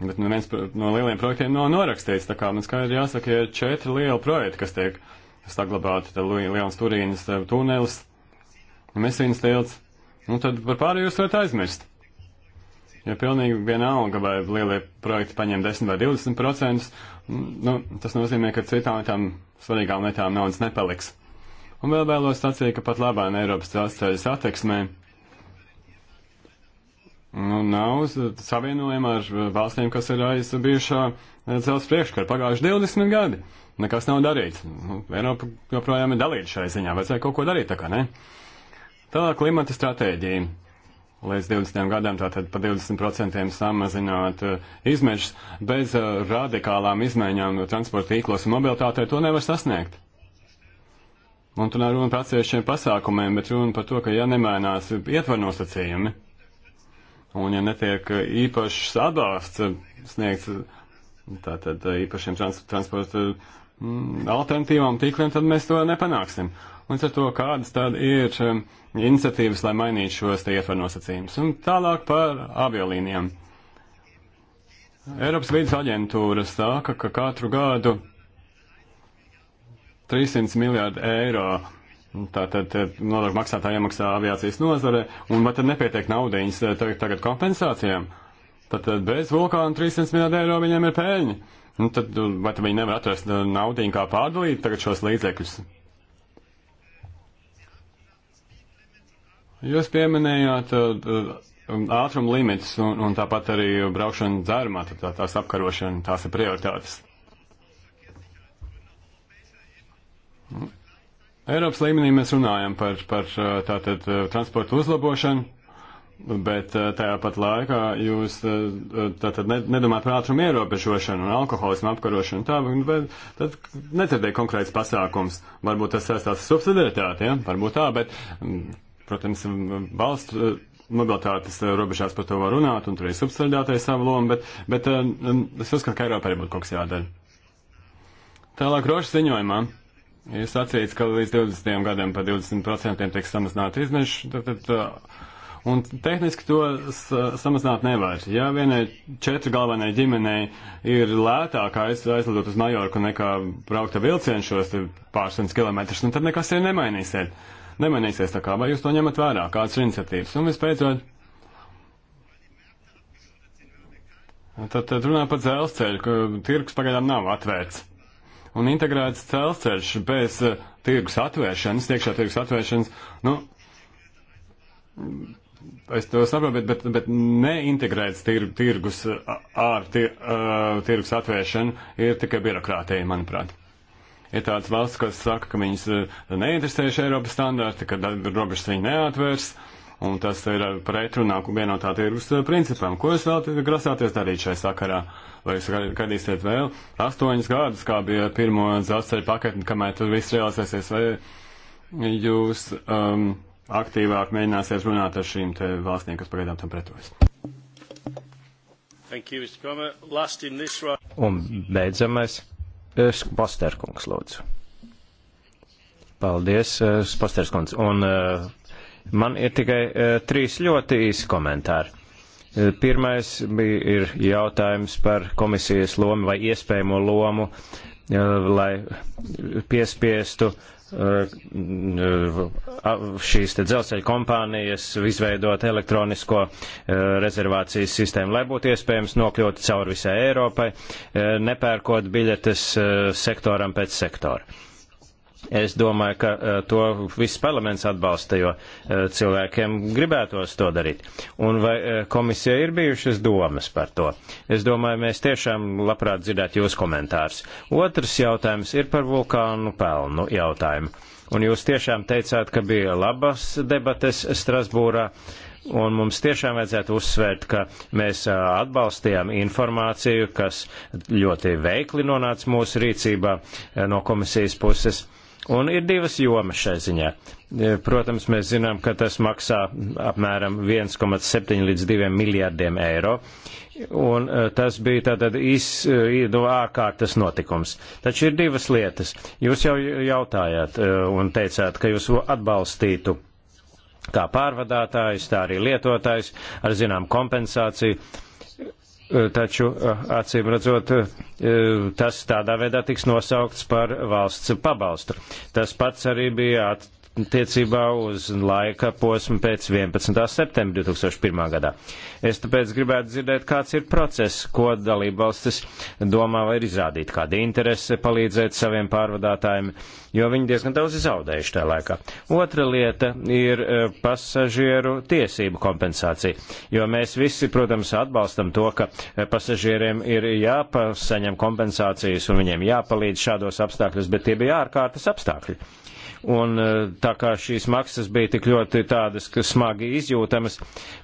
Bet nu, viens no lieliem projektiem nav norakstīts. Tā kā man skaidri jāsaka, ir četri lieli projekti, kas tiek saglabāti. Tad Lielans Turīnas eh, tunelis, Mesīnas tilts. Un nu, tad par pārējo jūs varat aizmirst. Ja pilnīgi vienalga, vai lielie projekti paņem 10 vai 20 procentus, nu, tas nozīmē, ka citām lietām, svarīgām lietām naudas nepaliks. Un vēl vēlos sacīt, ka pat labāk Eiropas dzelzceļa satiksmē nu, nav savienojama ar valstīm, kas ir aiz bijušā eh, cels priekškara pagājuši 20 gadi. Nekas nav darīts. Nu, Eiropa joprojām ir dalīta šai ziņā, vajadzēja kaut ko darīt tā kā, ne? Tā klimata stratēģija. Līdz 20 gadam tātad pa 20% samazināt uh, izmešas. Bez uh, radikālām izmaiņām transporta tīklos un mobilitātē to nevar sasniegt. Un tur nav runa par atsevišķiem pasākumiem, bet runa par to, ka ja nemainās ietvar nosacījumi, Un ja netiek īpašs atbalsts sniegts tātad eh, īpašiem trans transporta mm, alternatīvām tīkliem, tad mēs to nepanāksim. Un ar to, kādas tad ir eh, iniciatīvas, lai mainītu šos te ietver nosacījumus. Un tālāk par aviolīnijām. Eiropas vidas aģentūra saka, ka katru gadu 300 miljārdu eiro Tātad eh, nodokļu maksātāji iemaksā aviācijas nozare, un vai tad nepietiek naudaiņas eh, tagad kompensācijām? Tātad bez vulkāna 300 miljardu eiro viņiem ir pēļņi. Un nu, tad, eh, vai tad viņi nevar atrast naudiņu, kā pārdalīt tagad šos līdzekļus? Jūs pieminējāt ātrumu limitus un, un tāpat arī braukšanu dzērumā, tā, tās apkarošana, tās ir prioritātes. Eiropas līmenī mēs runājam par, par eh, tātad eh, transportu uzlabošanu, bet eh, tajā pat laikā jūs tātad nedomājat par ātrumu ierobežošanu un alkoholismu apkarošanu, tā, bet tad nedzirdēja konkrēts pasākums. Varbūt tas saistās ar subsidiaritāti, ja? varbūt tā, bet, mm, protams, valsts mobilitātes robežās par to var runāt, un tur ir subsidiātais savu lomu, bet, bet mm, es uzskatu, ka Eiropā arī būtu kaut kas jādara. Tālāk rošas ziņojumā. Ir sacīts, ka līdz 20 gadam par 20% tiek samazināta izmeša, tad, tad, un tehniski to samazināt nevar. Ja vienai četri galvenai ģimenei ir lētāk aiz, aizlidot uz Majorku nekā braukt ar vilcienu šos pārsimt kilometrus, nu tad nekas ir nemainīsies. Nemainīsies tā kā, vai jūs to ņemat vērā, kāds ir iniciatīvas. Un vispēcot, tad, tad runā par dzelzceļu, ka tirgus pagaidām nav atvērts un integrēts celsceļš bez uh, tirgus atvēršanas, tiekšā tirgus atvēršanas, nu, es to saprotu, bet, bet, bet neintegrēts tir, tirgus eh, ār tir, uh, eh, tirgus atvēršana ir tikai birokrātija, manuprāt. Ir tāds valsts, kas saka, ka viņas neinteresējuši Eiropas standārti, ka robežas viņi neatvērs. Uh, Un tas ir pretrunā vienotā tirgus eh, principam. Ko jūs vēl grasāties darīt šai sakarā? Vai jūs gadīsiet vēl astoņus gadus, kā bija pirmo dzelzceļa paketni, kamēr tur viss realizēsies, vai jūs um, aktīvāk mēģināsiet runāt ar šīm te valstīm, kas pagaidām tam pretojas? Un beidzamais, eh, Spasterkungs, lūdzu. Paldies, eh, Spasterkungs. Un uh, Man ir tikai uh, trīs ļoti īsi komentāri. E, pirmais bija, ir jautājums par komisijas lomu vai iespējamo lomu, uh, lai piespiestu šīs te dzelzceļa kompānijas izveidot elektronisko rezervācijas sistēmu, lai būtu iespējams nokļūt cauri visai Eiropai, nepērkot biļetes sektoram pēc sektora. Es domāju, ka eh, to viss parlaments atbalsta, jo eh, cilvēkiem gribētos to darīt. Un vai eh, komisija ir bijušas domas par to? Es domāju, mēs tiešām labprāt dzirdētu jūs komentārus. Otrs jautājums ir par vulkānu pelnu jautājumu. Un jūs tiešām teicāt, ka bija labas debates Strasbūrā. Un mums tiešām vajadzētu uzsvērt, ka mēs atbalstījām informāciju, kas ļoti veikli nonāca mūsu rīcībā no komisijas puses Un ir divas jomas šai ziņā. E, protams, mēs zinām, ka tas maksā apmēram 1,7 līdz 2 miljārdiem eiro. Un e, tas bija tātad iz, e, no ārkārtas notikums. Taču ir divas lietas. Jūs jau jautājāt un teicāt, ka jūs atbalstītu kā pārvadātājs, tā arī lietotājs ar zinām kompensāciju taču acīm redzot, eh, tas tādā veidā tiks nosaukts par valsts pabalstu. Tas pats arī bija attiecībā uz laika posmu pēc 11. septembra 2001. gadā. Es tāpēc gribētu dzirdēt, kāds ir process, ko dalība valstis domā vai ir izrādīt, kāda interese palīdzēt saviem pārvadātājiem, jo viņi diezgan daudz zaudējuši tajā laikā. Otra lieta ir e, pasažieru tiesību kompensācija, jo mēs visi, protams, atbalstam to, ka e, pasažieriem ir jāpasaņem kompensācijas un viņiem jāpalīdz šādos apstākļos, bet tie bija ārkārtas apstākļi un e, tā kā šīs maksas bija tik ļoti tādas, kas smagi izjūtamas,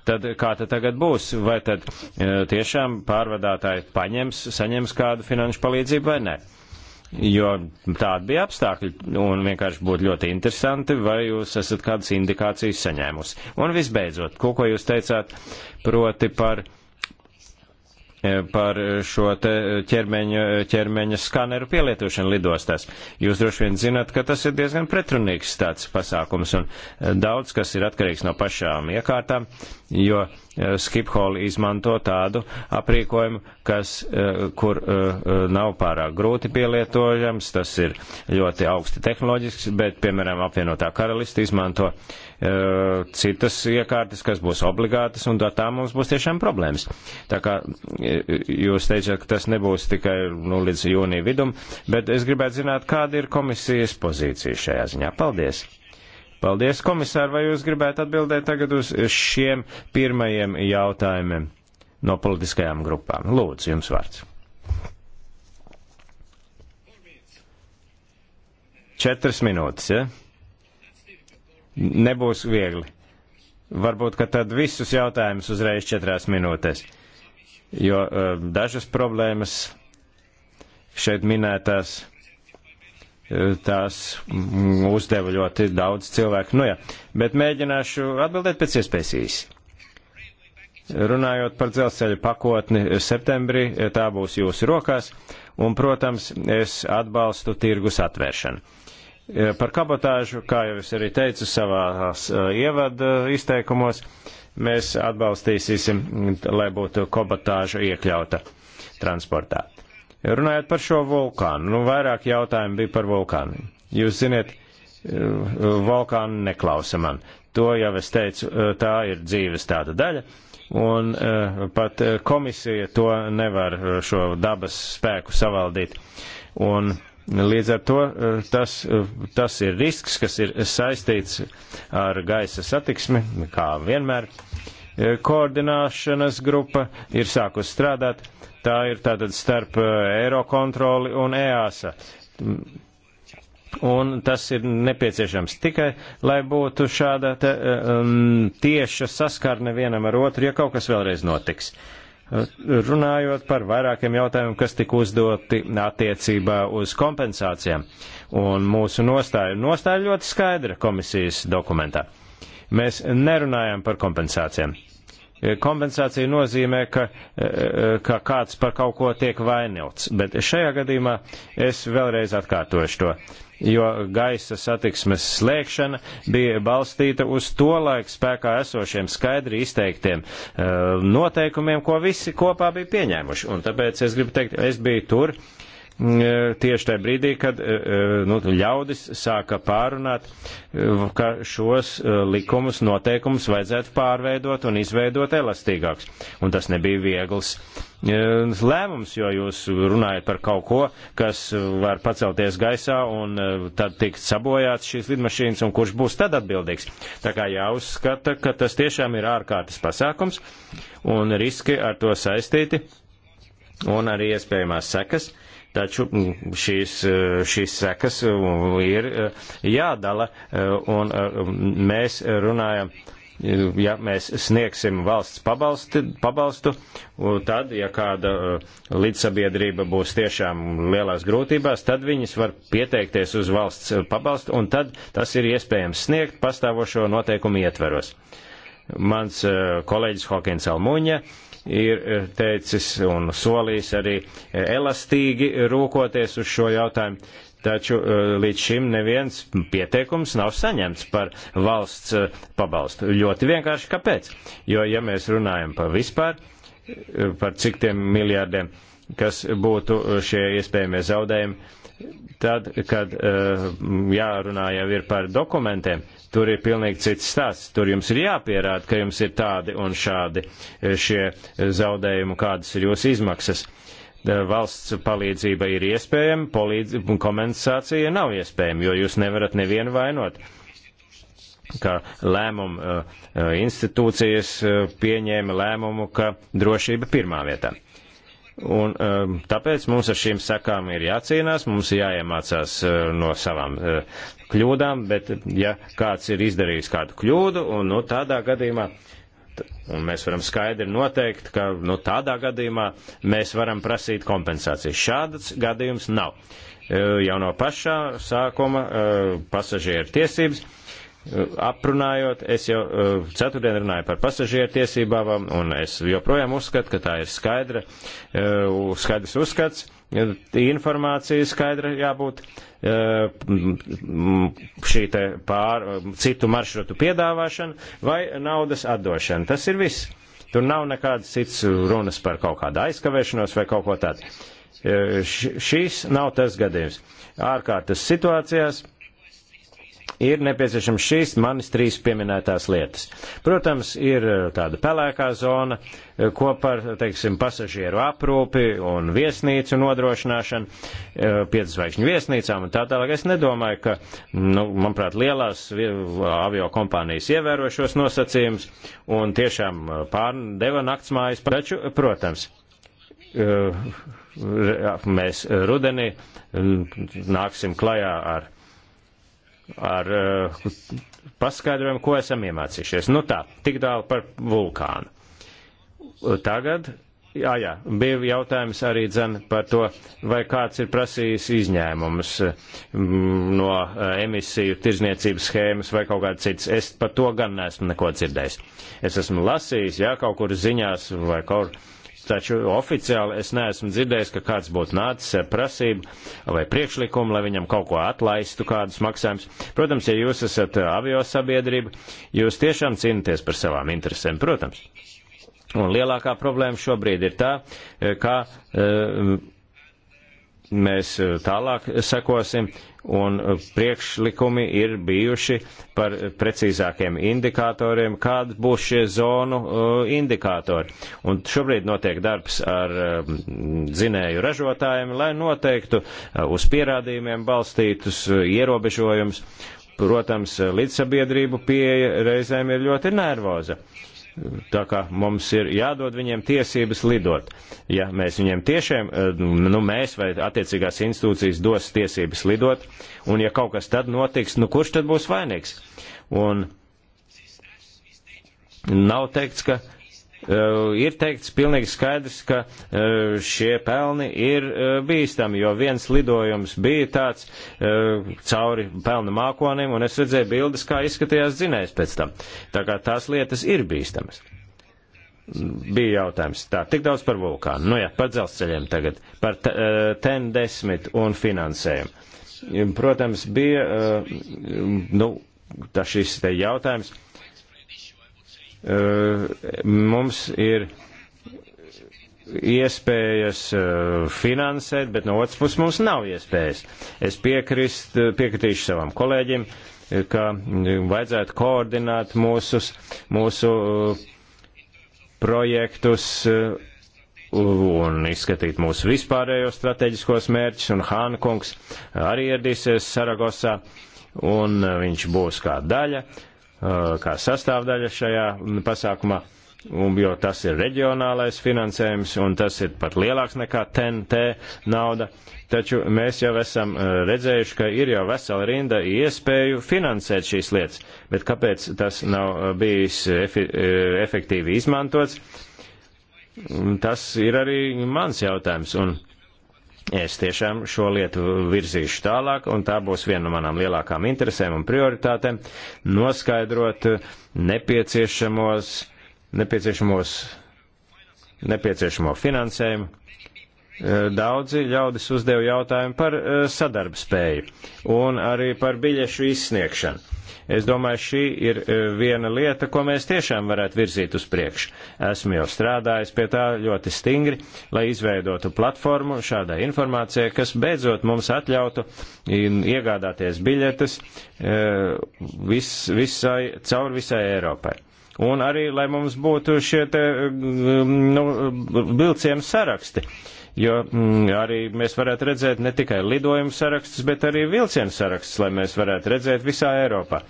tad kā tad tagad būs? Vai tad e, tiešām pārvadātāji paņems, saņems kādu finanšu palīdzību vai nē? Jo tādi bija apstākļi, un vienkārši būtu ļoti interesanti, vai jūs esat kādas indikācijas saņēmusi. Un visbeidzot, ko, ko jūs teicāt proti par uh, E, par šo te ķermeņa, ķermeņa skaneru pielietošanu lidostās. Jūs droši vien zināt, ka tas ir diezgan pretrunīgs tāds pasākums un e, daudz, kas ir atkarīgs no pašām iekārtām, jo e, skipholi izmanto tādu aprīkojumu, kas, kur nav pārāk grūti pielietojams, tas ir ļoti augsti tehnoloģisks, bet, piemēram, apvienotā karalista izmanto uh, Eh, citas iekārtas, kas būs obligātas, un tā mums būs tiešām problēmas. Tā kā eh, jūs teicāt, ka tas nebūs tikai nu, līdz jūnija vidum, bet es gribētu zināt, kāda ir komisijas pozīcija šajā ziņā. Paldies! Paldies, komisār, vai jūs gribētu atbildēt tagad uz šiem pirmajiem jautājumiem no politiskajām grupām? Lūdzu, jums vārds. Četras minūtes, ja? nebūs viegli. Varbūt, ka tad visus jautājumus uzreiz četrās minūtēs, jo uh, dažas problēmas šeit minētās, e, tās uzdeva ļoti daudz cilvēku. Nu jā, bet mēģināšu atbildēt pēc iespējas īsi. Runājot par dzelzceļa pakotni septembrī, e, tā būs jūsu rokās, un, protams, es atbalstu tirgus atvēršanu. Par kabotāžu, kā jau es arī teicu savā eh, ievada izteikumos, mēs atbalstīsim, lai būtu kabotāža iekļauta transportā. Runājot par šo vulkānu, nu vairāk jautājumu bija par vulkānu. Jūs ziniet, eh, vulkānu neklausa man. To jau es teicu, eh, tā ir dzīves tāda daļa, un pat komisija to nevar šo dabas spēku savaldīt. Un Līdz ar to eh, tas, eh, tas ir risks, kas ir saistīts ar gaisa satiksmi, kā vienmēr. Eh, koordināšanas grupa ir sākus strādāt. Tā ir tātad starp Eirokontroli un EASA. Un tas ir nepieciešams tikai, lai būtu šāda te, um, tieša saskarne vienam ar otru, ja kaut kas vēlreiz notiks. Uh, runājot par vairākiem jautājumiem, kas tika uzdoti attiecībā uz kompensācijām. Un mūsu nostāja, nostāja ļoti skaidra komisijas dokumentā. Mēs nerunājam par kompensācijām. Kompensācija nozīmē, ka, ka kāds par kaut ko tiek vainots, bet šajā gadījumā es vēlreiz atkārtošu to jo gaisa satiksmes slēgšana bija balstīta uz to laiku spēkā esošiem skaidri izteiktiem eh, noteikumiem, ko visi kopā bija pieņēmuši. Un tāpēc es gribu teikt, es biju tur, E, tieši tajā brīdī, kad e, e, nu, ļaudis sāka pārunāt, ka šos likumus, noteikumus vajadzētu pārveidot un izveidot elastīgāks. Un tas nebija viegls lēmums, jo jūs runājat par kaut ko, kas var pacelties gaisā un tad tikt sabojāts šīs lidmašīnas, un kurš būs tad atbildīgs. Tā kā jāuzskata, ka tas tiešām ir ārkārtas pasākums un riski ar to saistīti un arī iespējamās sekas taču mm, šīs, eh, šīs sekas eh, ir eh, jādala, un mm, mēs runājam ja mēs sniegsim valsts pabalsti, pabalstu, tad, ja kāda līdzsabiedrība būs tiešām lielās grūtībās, tad viņas var pieteikties uz valsts pabalstu, un tad tas ir iespējams sniegt pastāvošo noteikumu ietveros. Mans kolēģis Hokins Almuņa ir e, teicis un solījis arī e, elastīgi rūkoties uz šo jautājumu. Taču e, līdz šim neviens pieteikums nav saņemts par valsts pabalstu. Ļoti vienkārši kāpēc? Jo, ja mēs runājam par vispār, par cik tiem miljārdiem, kas būtu šie iespējamie zaudējumi, tad, kad jārunā jau ir par dokumentiem, Tur ir pilnīgi cits stāsts. Tur jums ir jāpierāda, ka jums ir tādi un šādi eh, šie eh, zaudējumi, kādas ir jūsu izmaksas. Valsts palīdzība ir iespējama, palīdz, kompensācija nav iespējama, jo jūs nevarat nevienu vainot ka lēmumu eh, institūcijas pieņēma lēmumu, ka drošība pirmā vietā. Un um, tāpēc mums ar šīm sakām ir jācīnās, mums ir jāiemācās uh, no savām uh, kļūdām, bet ja kāds ir izdarījis kādu kļūdu, un nu, tādā gadījumā, un mēs varam skaidri noteikt, ka nu, tādā gadījumā mēs varam prasīt kompensāciju. Šāds gadījums nav. Uh, jau no pašā sākuma uh, pasažieru tiesības Eh, aprunājot, es jau eh, ceturtdien runāju par pasažieru tiesībām, un es joprojām uzskatu, ka tā ir skaidra, eh, skaidrs uzskats, informācija skaidra jābūt, šī te pār citu maršrutu piedāvāšana vai naudas atdošana. Tas ir viss. Tur nav nekādas cits runas par kaut kādu aizkavēšanos vai kaut ko tādu. Šīs nav tas gadījums. Ārkārtas situācijās ir nepieciešams šīs manis trīs pieminētās lietas. Protams, ir eh, tāda pelēkā zona, eh, ko par, teiksim, pasažieru aprūpi un viesnīcu nodrošināšanu, eh, piedzvaigžņu viesnīcām un tā tālāk. Es nedomāju, ka, nu, manuprāt, lielās avio kompānijas ievēro šos nosacījumus un tiešām pārdeva naktsmājas. Taču, protams, mēs rudenī nāksim klajā ar ar uh, paskaidrojumu, ko esam iemācījušies. Nu tā, tik tālu par vulkānu. Tagad, jā, jā, bija jautājums arī dzen par to, vai kāds ir prasījis izņēmumus mm, no eh, emisiju tirzniecības schēmas vai kaut kāds cits. Es par to gan neesmu neko dzirdējis. Es esmu lasījis, jā, kaut kur ziņās vai kaut kur Taču oficiāli es neesmu dzirdējis, ka kāds būtu nācis ar prasību vai priekšlikumu, lai viņam kaut ko atlaistu, kādus maksājumus. Protams, ja jūs esat aviosabiedrība, jūs tiešām cīnāties par savām interesēm, protams. Un lielākā problēma šobrīd ir tā, ka eh, mēs eh, tālāk sekosim, un eh, priekšlikumi ir bijuši par precīzākiem indikatoriem, kāda būs šie zonu eh, indikatori. Un šobrīd notiek darbs ar dzinēju ražotājiem, lai noteiktu uz pierādījumiem balstītus ierobežojumus. Protams, līdzsabiedrību pieeja reizēm ir ļoti nervoza. Tā kā mums ir jādod viņiem tiesības lidot. Ja mēs viņiem tiešiem, eh, nu mēs vai attiecīgās institūcijas dos tiesības lidot, un ja kaut kas tad notiks, nu kurš tad būs vainīgs? Un nav teikts, ka Eh, ir teikts pilnīgi skaidrs, ka eh, šie pelni ir eh, bīstami, jo viens lidojums bija tāds cauri pelnu mākonim, un es redzēju bildes, kā izskatījās dzinējs pēc tam. Tā kā tās lietas ir bīstamas. Bija jautājums. Tā, tik daudz par vulkānu. Nu jā, par dzelzceļiem tagad. Par ten desmit un finansējumu. Protams, bija, nu, tas šis te jautājums Eh, mums ir iespējas eh, finansēt, bet no otras puses mums nav iespējas. Es piekrist, eh, piekritīšu savam kolēģim, ka mm, vajadzētu koordinēt mūsus, mūsu projektus un izskatīt mūsu vispārējo strateģiskos mērķus, un Hānkungs arī ieradīsies Saragosā, un viņš būs kā daļa Uh, kā sastāvdaļa šajā pasākumā, un, jo tas ir reģionālais finansējums, un tas ir pat lielāks nekā TNT nauda, taču mēs jau esam uh, redzējuši, ka ir jau vesela rinda iespēju finansēt šīs lietas, bet kāpēc tas nav uh, bijis efi, efektīvi izmantots, tas ir arī mans jautājums. Un, Es tiešām šo lietu virzīšu tālāk, un tā būs viena no manām lielākām interesēm un prioritātēm - noskaidrot nepieciešamos, nepieciešamos, nepieciešamo finansējumu. E, daudzi ļaudis uzdeva jautājumu par e, sadarbspēju un arī par biļešu izsniegšanu. Es domāju, šī ir viena lieta, ko mēs tiešām varētu virzīt uz priekšu. Esmu jau strādājis pie tā ļoti stingri, lai izveidotu platformu šādai informācijai, kas beidzot mums atļautu iegādāties biļetes vis, visai, caur visai Eiropai. Un arī, lai mums būtu šie te, nu, vilcienu saraksti. Uh, jo mm, arī mēs varētu redzēt ne tikai lidojumu sarakstus, bet arī vilcienu sarakstus, lai mēs varētu redzēt visā Eiropā.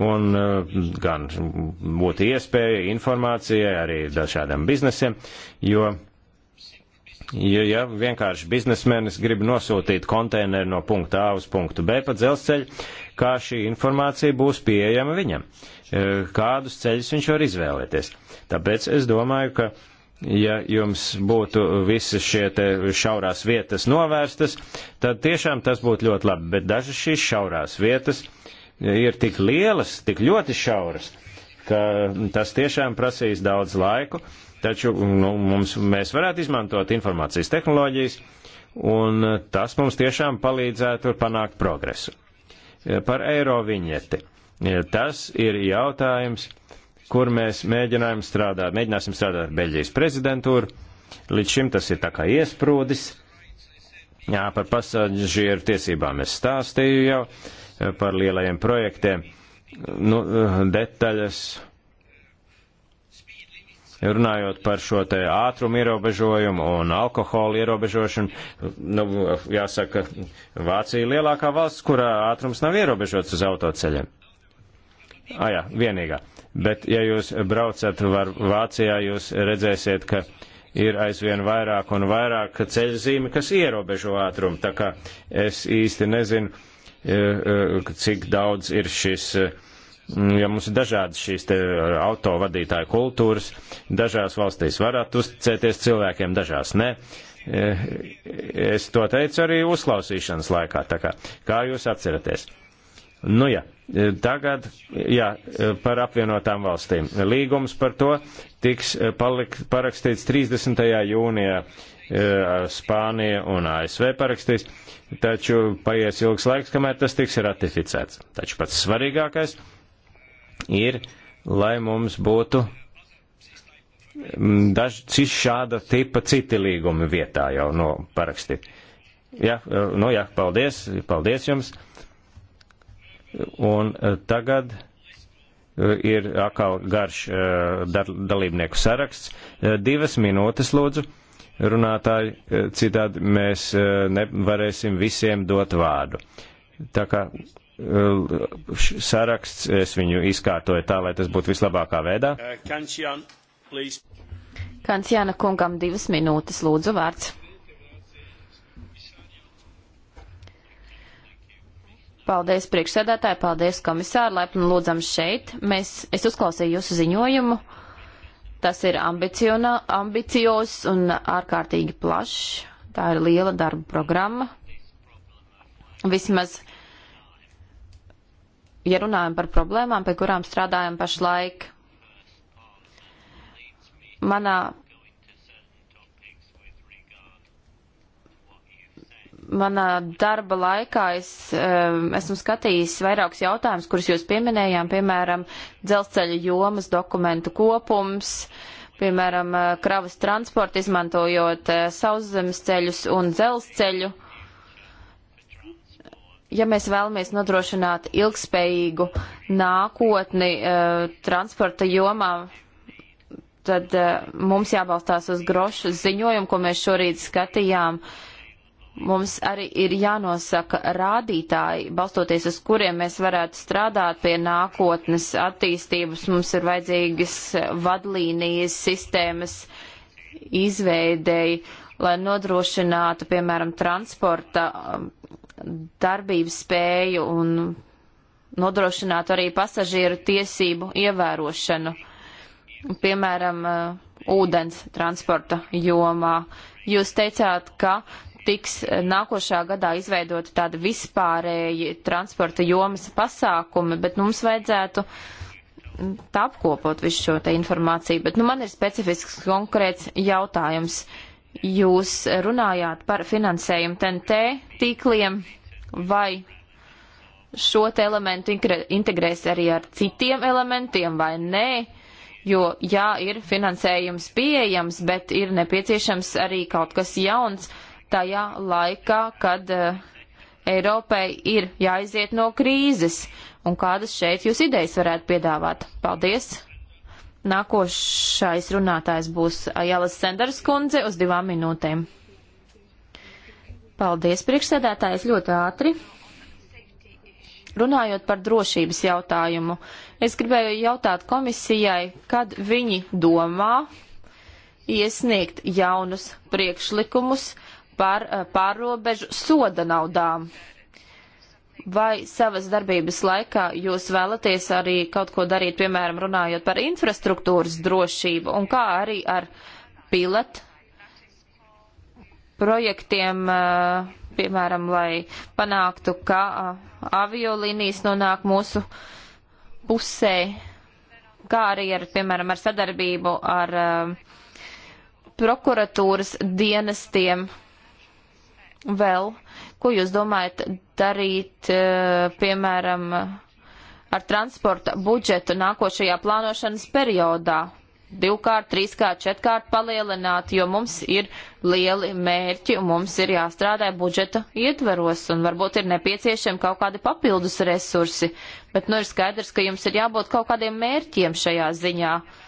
Un mm, gan būtu iespēja informācijai arī dažādam biznesiem, jo Ja, ja vienkārši biznesmenis grib nosūtīt konteineru no punkta A uz punktu B pa dzelzceļu, kā šī informācija būs pieejama viņam, e, kādus ceļus viņš var izvēlēties. Tāpēc es domāju, ka ja jums būtu visas šie te šaurās vietas novērstas, tad tiešām tas būtu ļoti labi, bet dažas šīs šaurās vietas ir tik lielas, tik ļoti šauras, ka tas tiešām prasīs daudz laiku, taču nu, mums, mēs varētu izmantot informācijas tehnoloģijas, un tas mums tiešām palīdzētu panākt progresu. Par eiro viņeti. Tas ir jautājums, kur mēs mēģinājām strādāt, mēģināsim strādāt ar Beļģijas prezidentūru. Līdz šim tas ir tā kā iesprūdis. Jā, par pasažieru tiesībām es stāstīju jau, par lielajiem projektiem, nu, detaļas. Runājot par šo te ātrumu ierobežojumu un alkoholu ierobežošanu, nu, jāsaka, Vācija ir lielākā valsts, kurā ātrums nav ierobežots uz autoceļiem. Ah, jā, vienīgā. Bet, ja jūs braucat var Vācijā, jūs redzēsiet, ka ir aizvien vairāk un vairāk ceļzīmi, kas ierobežo ātrumu. Tā kā es īsti nezinu, e, e, cik daudz ir šis, e, ja mums ir dažādas šīs te autovadītāju kultūras, dažās valstīs varat uzticēties cilvēkiem, dažās ne. Es to teicu arī uzklausīšanas laikā, tā kā, kā jūs atceraties. Nu jā. Ja. Tagad, jā, par apvienotām valstīm. Līgums par to tiks eh, palikt, parakstīts 30. jūnijā. Eh, Spānija un ASV parakstīs, taču paies ilgs laiks, kamēr tas tiks ratificēts. Taču pats svarīgākais ir, lai mums būtu mm, daži šāda tipa citi līgumi vietā jau no parakstīt. Jā, eh, nu jā, paldies, paldies jums. Un e, tagad e, ir atkal garš e, dalībnieku saraksts. Divas minūtes lūdzu runātāji, citādi mēs nevarēsim visiem dot vārdu. Tā kā saraksts, es viņu izkārtoju tā, lai tas būtu vislabākā veidā. Uh, Kanciāna kungam divas minūtes lūdzu vārds. Paldies priekšsēdētāji, paldies komisāri, laipni lūdzam šeit. Mēs, es uzklausīju jūsu ziņojumu. Tas ir ambicios un ārkārtīgi plašs. Tā ir liela darba programma. Vismaz, ja runājam par problēmām, pie kurām strādājam pašlaik, manā manā darba laikā es um, esmu skatījis vairākus jautājumus, kurus jūs pieminējām, piemēram, dzelzceļa jomas dokumentu kopums, piemēram, uh, kravas transportu izmantojot uh, sauszemes ceļus un dzelzceļu. Ja mēs vēlamies nodrošināt ilgspējīgu nākotni uh, transporta jomā, tad uh, mums jābalstās uz grošu ziņojumu, ko mēs šorīt skatījām. Uh, Mums arī ir jānosaka rādītāji, balstoties uz kuriem mēs varētu strādāt pie nākotnes attīstības. Mums ir vajadzīgas vadlīnijas sistēmas izveidēji, lai nodrošinātu, piemēram, transporta um, darbības spēju un nodrošinātu arī pasažieru tiesību ievērošanu, piemēram, uh, ūdens transporta jomā. Jūs teicāt, ka tiks eh, nākošā gadā izveidota tāda vispārēji transporta jomas pasākumi, bet mums vajadzētu mm, tā apkopot visu šo te informāciju. Bet nu, man ir specifisks konkrēts jautājums. Jūs runājāt par finansējumu TNT tīkliem vai šo te elementu integrēs arī ar citiem elementiem vai nē? jo, jā, ir finansējums pieejams, bet ir nepieciešams arī kaut kas jauns, tajā laikā, kad uh, Eiropai ir jāiziet no krīzes, un kādas šeit jūs idejas varētu piedāvāt? Paldies! Nākošais runātājs būs Jālis Senders kundze uz divām minūtēm. Paldies, priekšsēdētājs, ļoti ātri. Runājot par drošības jautājumu, es gribēju jautāt komisijai, kad viņi domā iesniegt jaunus priekšlikumus par eh, pārrobežu soda naudām. Vai savas darbības laikā jūs vēlaties arī kaut ko darīt, piemēram, runājot par infrastruktūras drošību un kā arī ar pilotu projektiem, eh, piemēram, lai panāktu, ka eh, aviolīnijas nonāk mūsu pusē, kā arī ar, piemēram, ar sadarbību ar prokuratūras dienestiem vēl, ko jūs domājat darīt, eh, piemēram, ar transporta budžetu nākošajā plānošanas periodā? Divkārt, trīskārt, četkārt palielināt, jo mums ir lieli mērķi un mums ir jāstrādā budžeta ietveros un varbūt ir nepieciešami kaut kādi papildus resursi. Bet nu ir skaidrs, ka jums ir jābūt kaut kādiem mērķiem šajā ziņā. Uh,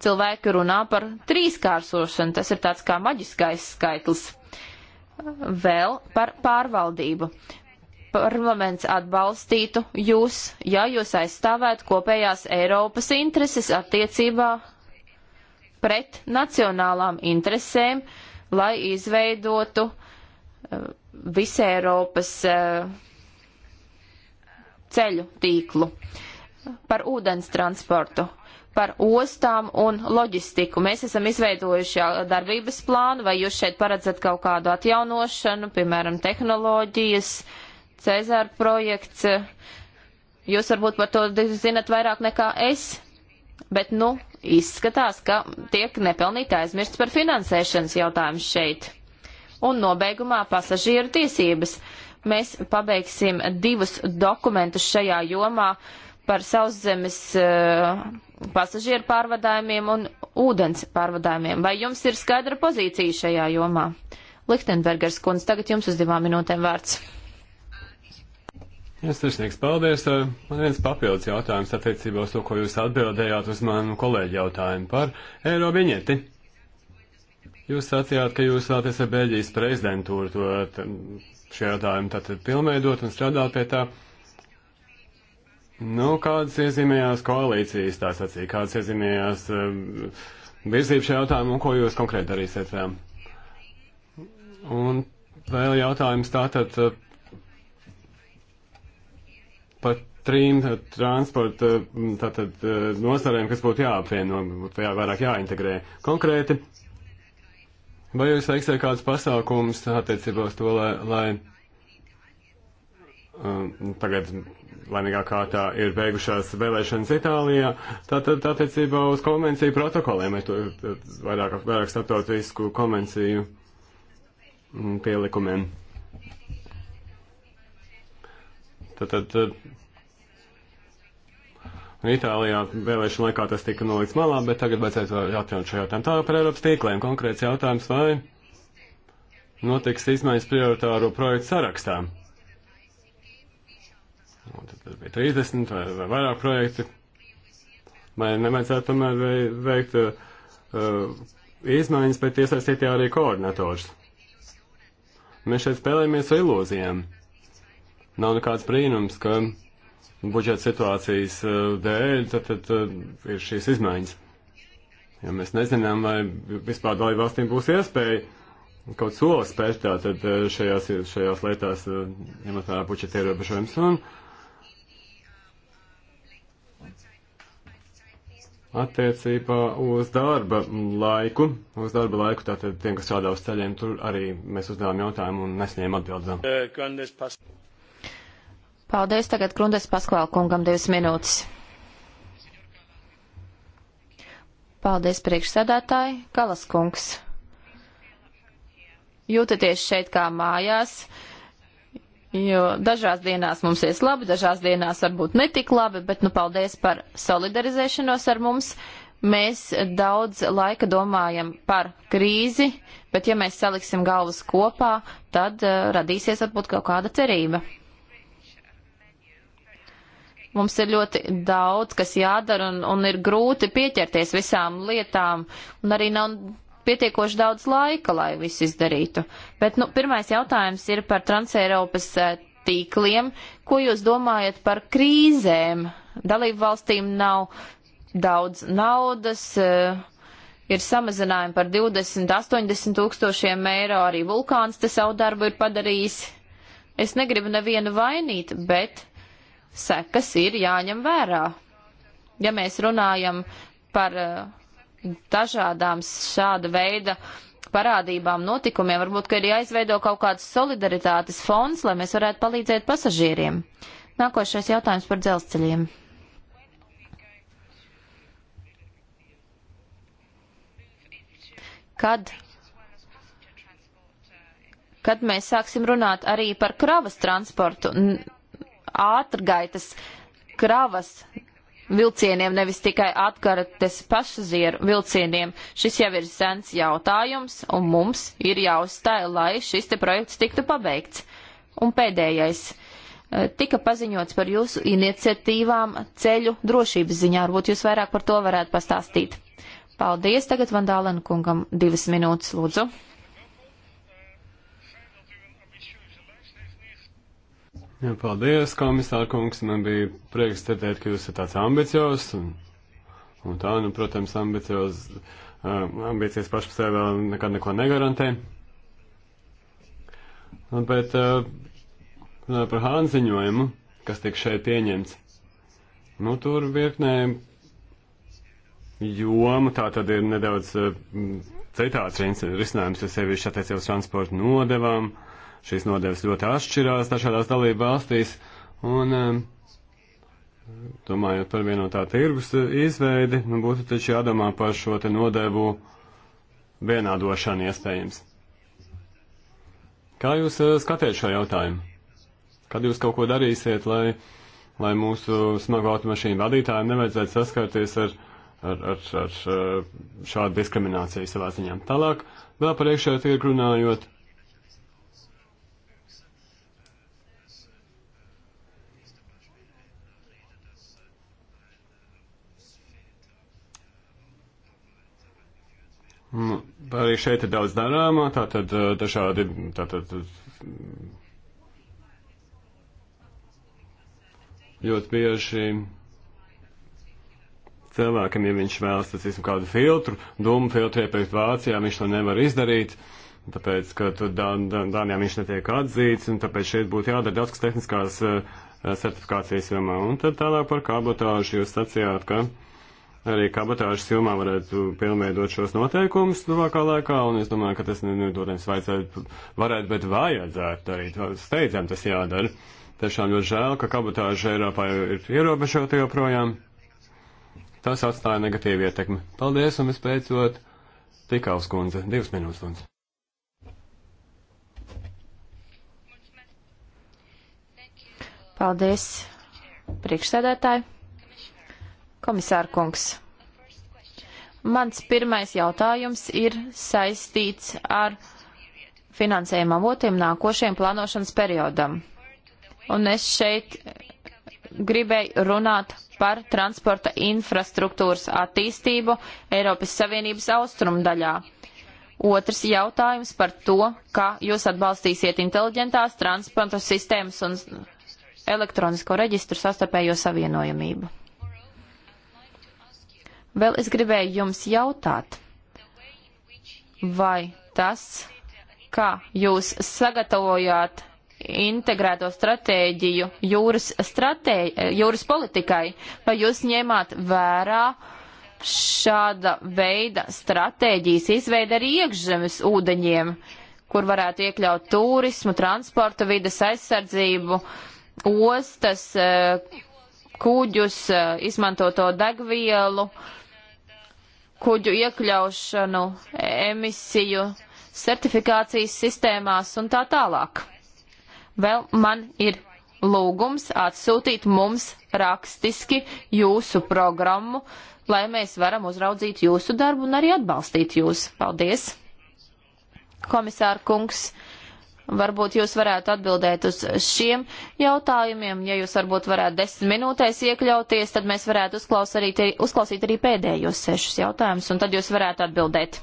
cilvēki runā par trīskārsošanu. Tas ir tāds kā maģiskais skaitlis. Vēl par pārvaldību. Parlaments atbalstītu jūs, ja jūs aizstāvētu kopējās Eiropas intereses attiecībā pret nacionālām interesēm, lai izveidotu eh, visu Eiropas eh, ceļu tīklu par ūdens transportu par ostām un loģistiku. Mēs esam izveidojuši darbības plānu, vai jūs šeit paredzat kaut kādu atjaunošanu, piemēram, tehnoloģijas, Cezāra projekts. Jūs varbūt par to zinat vairāk nekā es, bet, nu, izskatās, ka tiek nepelnīti aizmirsts par finansēšanas jautājumu šeit. Un nobeigumā pasažieru tiesības. Mēs pabeigsim divus dokumentus šajā jomā. Uh, par sauszemes uh, pasažieru pārvadājumiem un ūdens pārvadājumiem. Vai jums ir skaidra pozīcija šajā jomā? Lichtenbergers kundze, tagad jums uz divām minūtēm vārds. Jā, Strešnieks, paldies. Eh, man viens papildus jautājums attiecībā uz to, ko jūs atbildējāt uz manu kolēģi jautājumu par eiro biņeti. Jūs sacījāt, ka jūs vēlaties ar Beļģijas prezidentūru to eh, šie jautājumi tātad pilnveidot un strādāt pie tā. Uh, Nu, kādas iezīmējās koalīcijas, tā sacīja, kādas iezīmējās um, virzību šajā jautājumā un ko jūs konkrēti darīsiet? Jā? Un vēl jautājums tātad uh, par trim uh, transporta um, tātad uh, nozarēm, kas būtu jāapvieno, būtu jā, vairāk jāintegrē. Konkrēti, vai jūs veiksiet kādus pasākumus attiecībā uz to, lai, lai um, tagad laimīgā kārtā ir beigušās vēlēšanas Itālijā, tātad attiecībā uz konvenciju protokoliem, to vairāk, vairāk starptautisku konvenciju mm, pielikumiem. Tātad eh, Itālijā vēlēšana laikā tas tika nolikts malā, bet tagad vajadzētu atjaunot šo jautājumu. Tā par Eiropas tīkliem konkrēts jautājums, vai notiks izmaiņas prioritāro projektu sarakstām? Un tad bija 30 vai, vai vairāk projekti. Vai nevajadzētu tomēr veikt uh, uh izmaiņas, bet iesaistīt arī koordinatorus? Mēs šeit spēlējamies ar ilūzijām. Nav nekāds brīnums, ka budžeta situācijas uh, dēļ tad, tad, tad uh, ir šīs izmaiņas. Ja mēs nezinām, vai vispār dalību valstīm būs iespēja kaut solis spērt tātad šajās, šajās lietās, ņemot vērā budžeta ierobežojums. Un, Attiecībā uz darba laiku, uz darba laiku, tātad tiem, kas strādā uz ceļiem, tur arī mēs uzdevām jautājumu un nesņēmām atbildām. Paldies, tagad Grundes Paskvēl kungam divas minūtes. Paldies, priekšsēdētāji, Kalas kungs. Jūtaties šeit kā mājās. Jo dažās dienās mums ies labi, dažās dienās varbūt netik labi, bet nu paldies par solidarizēšanos ar mums. Mēs daudz laika domājam par krīzi, bet ja mēs saliksim galvas kopā, tad uh, radīsies varbūt kaut kāda cerība. Mums ir ļoti daudz, kas jādara, un, un ir grūti pieķerties visām lietām, un arī nav pietiekoši daudz laika, lai visu izdarītu. Bet nu, pirmais jautājums ir par Transeiropas eh, tīkliem. Ko jūs domājat par krīzēm? Dalību valstīm nav daudz naudas, eh, ir samazinājumi par 20, 80 tūkstošiem eiro, arī vulkāns te savu darbu ir padarījis. Es negribu nevienu vainīt, bet sekas ir jāņem vērā. Ja mēs runājam par uh, dažādām šāda veida parādībām, notikumiem. Varbūt, ka ir jāizveido kaut kāds solidaritātes fonds, lai mēs varētu palīdzēt pasažieriem. Nākošais jautājums par dzelzceļiem. Kad kad mēs sāksim runāt arī par kravas transportu, ātrgaitas kravas vilcieniem, nevis tikai atkartes pasažieru vilcieniem. Šis jau ir sens jautājums, un mums ir jāuzstāj, lai šis te projekts tiktu pabeigts. Un pēdējais. Eh, tika paziņots par jūsu iniciatīvām ceļu drošības ziņā, varbūt jūs vairāk par to varētu pastāstīt. Paldies, tagad Vandālena kungam divas minūtes, lūdzu. Jā, paldies, komisāra kungs. Man bija prieks dzirdēt, ka jūs esat tāds ambiciozs. Un, un tā, nu, protams, ambiciozs, ambīcijas pašas sev vēl nekad neko negarantē. Un, bet runājot par Hāna ziņojumu, kas tiek šeit pieņemts, nu, tur virknē joma tā tad ir nedaudz citāds risinājums, jo sevišķi attiecībā uz transportu nodevām. Uh, Šīs nodevas ļoti atšķirās dažādās dalību valstīs, un um, domājot par vienotā tirgus izveidi, nu, būtu taču jādomā par šo te nodevu vienādošanu iespējams. Kā jūs uh, skatiet šo jautājumu? Kad jūs kaut ko darīsiet, lai, lai mūsu smago automašīnu vadītājiem nevajadzētu saskarties ar, ar, ar, ar uh, šādu diskrimināciju savā ziņā? Tālāk, vēl par iekšējo tirgu runājot. Nu, arī šeit ir daudz darāmā, tātad eh, dažādi tātad, ļoti bieži cilvēkam, ja viņš vēlas, tas ir kādu filtru, dūmu filtru iepirkt Vācijā, viņš to nevar izdarīt, tāpēc, ka tur Dan Dan Danijā viņš netiek atzīts, un tāpēc šeit būtu jādara daudz kas tehniskās uh, certifikācijas jomā. Un tad tālāk par kabotāžu jūs sacījāt, ka. Uh, arī kabatāžas filmā varētu pilnveidot šos noteikumus tuvākā laikā, un es domāju, ka tas, nu, protams, vajadzētu, varētu, bet vajadzētu darīt, steidzam tas jādara. Tiešām ļoti žēl, ka kabatāža Eiropā ir ierobežota joprojām. Tas atstāja negatīvu ietekmi. Paldies, un vispēcot, Tikaus kundze, divas minūtes, lūdzu. Paldies, priekšsēdētāji. Komisārkungs, mans pirmais jautājums ir saistīts ar finansējuma avotiem nākošajam plānošanas periodam. Un es šeit gribēju runāt par transporta infrastruktūras attīstību Eiropas Savienības austrumu daļā. Otrs jautājums par to, kā jūs atbalstīsiet inteliģentās transporta sistēmas un elektronisko reģistru sastarpējo savienojamību. Vēl es gribēju jums jautāt, vai tas, kā jūs sagatavojāt integrēto stratēģiju jūras, stratēģi, jūras politikai, vai jūs ņēmāt vērā šāda veida stratēģijas izveida arī iekšzemes ūdeņiem, kur varētu iekļaut turismu, transporta vides aizsardzību, ostas, eh, kuģus, eh, izmantoto degvielu, uh, kuģu iekļaušanu emisiju certifikācijas sistēmās un tā tālāk. Vēl man ir lūgums atsūtīt mums rakstiski jūsu programmu, lai mēs varam uzraudzīt jūsu darbu un arī atbalstīt jūs. Paldies! Komisāra kungs! Varbūt jūs varētu atbildēt uz šiem jautājumiem. Ja jūs varbūt varētu desmit minūtēs iekļauties, tad mēs varētu uzklausīt arī, uzklausīt arī pēdējos sešus jautājumus, un tad jūs varētu atbildēt.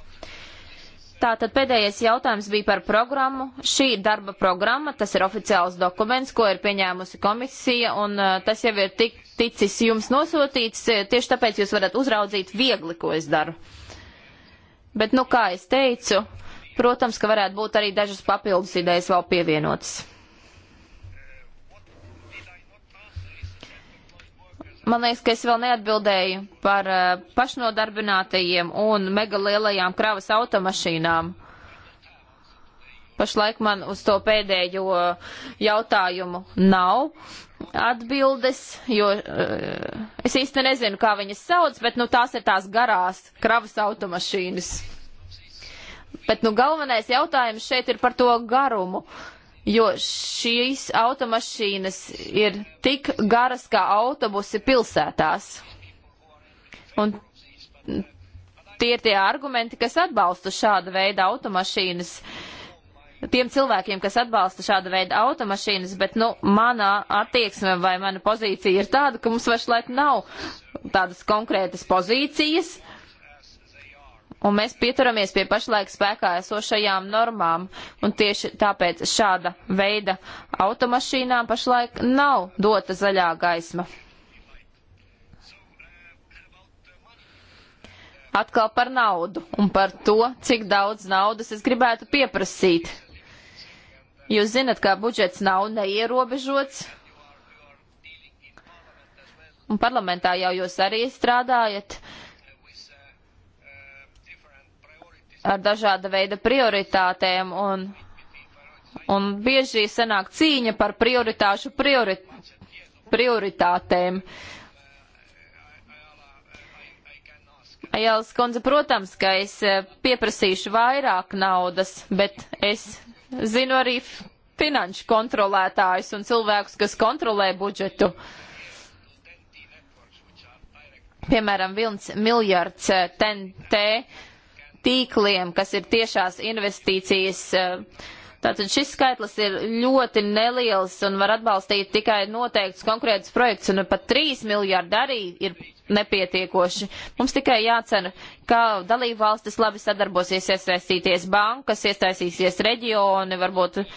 Tātad pēdējais jautājums bija par programmu. Šī darba programma, tas ir oficiāls dokuments, ko ir pieņēmusi komisija, un uh, tas jau ir tik, ticis jums nosūtīts, eh, tieši tāpēc jūs varat uzraudzīt viegli, ko es daru. Bet, nu, kā es teicu, uh, Protams, ka varētu būt arī dažas papildus idejas vēl pievienotas. Man liekas, ka es vēl neatbildēju par eh, pašnodarbinātajiem un megalielajām kravas automašīnām. Pašlaik man uz to pēdējo jautājumu nav atbildes, jo eh, es īsti nezinu, kā viņas sauc, bet nu, tās ir tās garās kravas automašīnas. Bet nu, galvenais jautājums šeit ir par to garumu. Jo šīs automašīnas ir tik garas kā autobusi pilsētās. Un tie ir tie argumenti, kas atbalsta šāda veida automašīnas. Tiem cilvēkiem, kas atbalsta šāda veida automašīnas, bet, nu, manā attieksme vai mana pozīcija ir tāda, ka mums vairs laik nav tādas konkrētas pozīcijas, uh, un mēs pieturamies pie pašlaik spēkā esošajām normām, un tieši tāpēc šāda veida automašīnām pašlaik nav dota zaļā gaisma. Atkal par naudu un par to, cik daudz naudas es gribētu pieprasīt. Jūs zinat, ka budžets nav neierobežots, un parlamentā jau jūs arī strādājat. Uh, ar dažāda veida prioritātēm un, un bieži sanāk cīņa par prioritāšu priori, prioritātēm. Jālis Konze, protams, ka es eh, pieprasīšu vairāk naudas, bet es zinu arī finanšu kontrolētājus un cilvēkus, kas kontrolē budžetu. Piemēram, viens miljards TNT eh, tīkliem, kas ir tiešās investīcijas. E, tātad šis skaitlis ir ļoti neliels un var atbalstīt tikai noteikts konkrēts projekts, un pat 3 miljārdi arī ir nepietiekoši. Mums tikai jācer, ka dalību valstis labi sadarbosies, iesaistīties bankas, iesaistīsies reģioni, varbūt uh,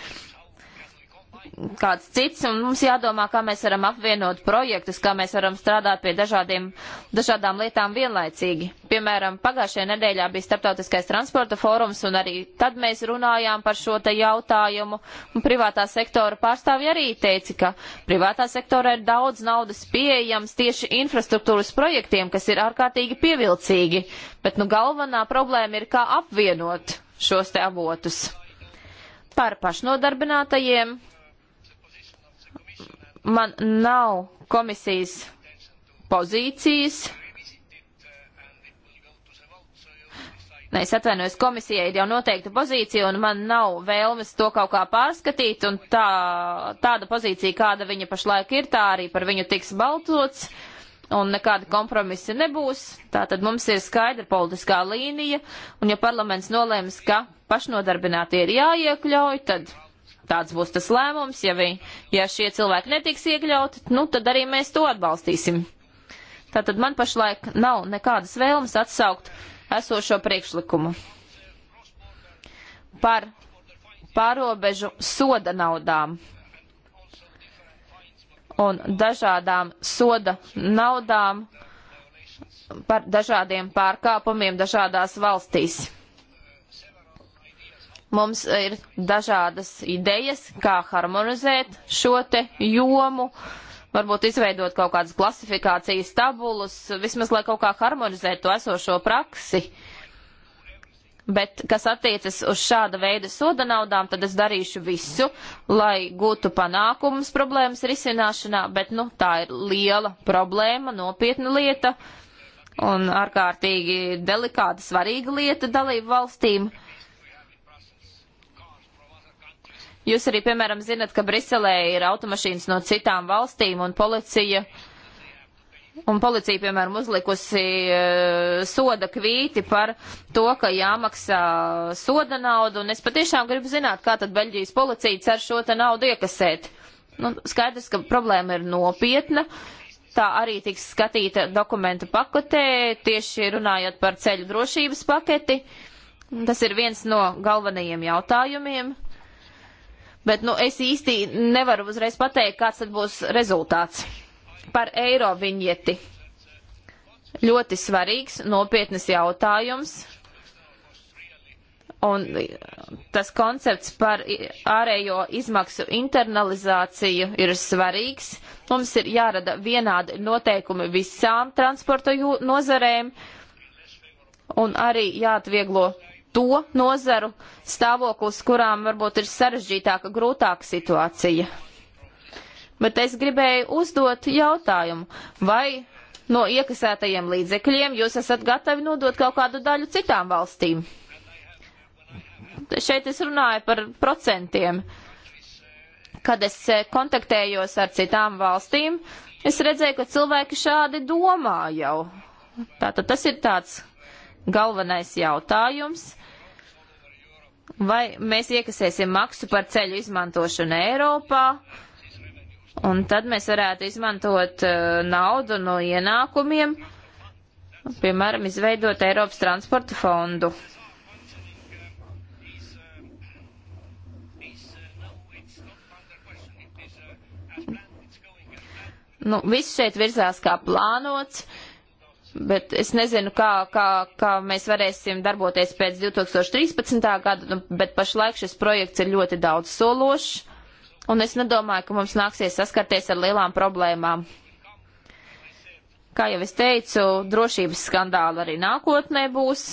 kāds cits, un mums jādomā, kā mēs varam apvienot projektus, kā mēs varam strādāt pie dažādiem, dažādām lietām vienlaicīgi. Piemēram, pagājušajā nedēļā bija starptautiskais transporta fórums, un arī tad mēs runājām par šo te jautājumu, un privātā sektora pārstāvja arī teica, ka privātā sektora ir daudz naudas pieejams tieši infrastruktūras projektiem, kas ir ārkārtīgi pievilcīgi, bet nu galvenā problēma ir, kā apvienot šos te avotus. Par pašnodarbinātajiem man nav komisijas pozīcijas. Nē, es atvainojos, komisijai ir jau noteikta pozīcija, un man nav vēlmes to kaut kā pārskatīt, un tā, tāda pozīcija, kāda viņa pašlaik ir, tā arī par viņu tiks baltots, un nekāda kompromisa nebūs. Tātad mums ir skaidra politiskā līnija, un ja parlaments nolēms, ka pašnodarbinātie ir jāiekļauj, tad tāds būs tas lēmums, ja, vi, ja šie cilvēki netiks iekļauti, nu tad arī mēs to atbalstīsim. Tātad man pašlaik nav nekādas vēlmes atsaukt esošo priekšlikumu par pārobežu soda naudām un dažādām soda naudām par dažādiem pārkāpumiem dažādās valstīs. Mums ir dažādas idejas, kā harmonizēt šo te jomu, varbūt izveidot kaut kādas klasifikācijas tabulus, vismaz lai kaut kā harmonizētu to esošo praksi. Bet, kas attiecas uz šāda veida soda naudām, tad es darīšu visu, lai gūtu panākumus problēmas risināšanā, bet, nu, tā ir liela problēma, nopietna lieta un ārkārtīgi delikāta, svarīga lieta dalību valstīm. Uh, Jūs arī, piemēram, zinat, ka Briselē ir automašīnas no citām valstīm un policija. Un policija, piemēram, uzlikusi uh, soda kvīti par to, ka jāmaksā soda naudu, un es patiešām gribu zināt, kā tad Beļģijas policija cer šo te naudu iekasēt. Nu, skaidrs, ka problēma ir nopietna. Tā arī tiks skatīta dokumentu pakotē, tieši runājot par ceļu drošības paketi. Tas ir viens no galvenajiem jautājumiem bet nu, es īsti nevaru uzreiz pateikt, kāds tad būs rezultāts par eiro viņieti. Ļoti svarīgs, nopietnas jautājums. Un tas koncepts par ārējo izmaksu internalizāciju ir svarīgs. Mums ir jārada vienādi noteikumi visām transporta nozarēm un arī jāatvieglo to nozaru stāvoklis, kurām varbūt ir sarežģītāka, grūtāka situācija. Bet es gribēju uzdot jautājumu, vai no iekasētajiem līdzekļiem jūs esat gatavi nodot kaut kādu daļu citām valstīm? Šeit es runāju par procentiem. Kad es eh, kontaktējos ar citām valstīm, es redzēju, ka cilvēki šādi domā jau. Tātad tas ir tāds galvenais jautājums vai mēs iekasēsim maksu par ceļu izmantošanu Eiropā, un tad mēs varētu izmantot uh, naudu no ienākumiem, piemēram, izveidot Eiropas transporta fondu. Nu, viss šeit virzās kā plānots. Uh, Bet es nezinu, kā, kā, kā mēs varēsim darboties pēc 2013. gada, nu, bet pašlaik šis projekts ir ļoti daudz sološs, un es nedomāju, ka mums nāksies saskarties ar lielām problēmām. Kā jau es teicu, drošības skandāli arī nākotnē būs.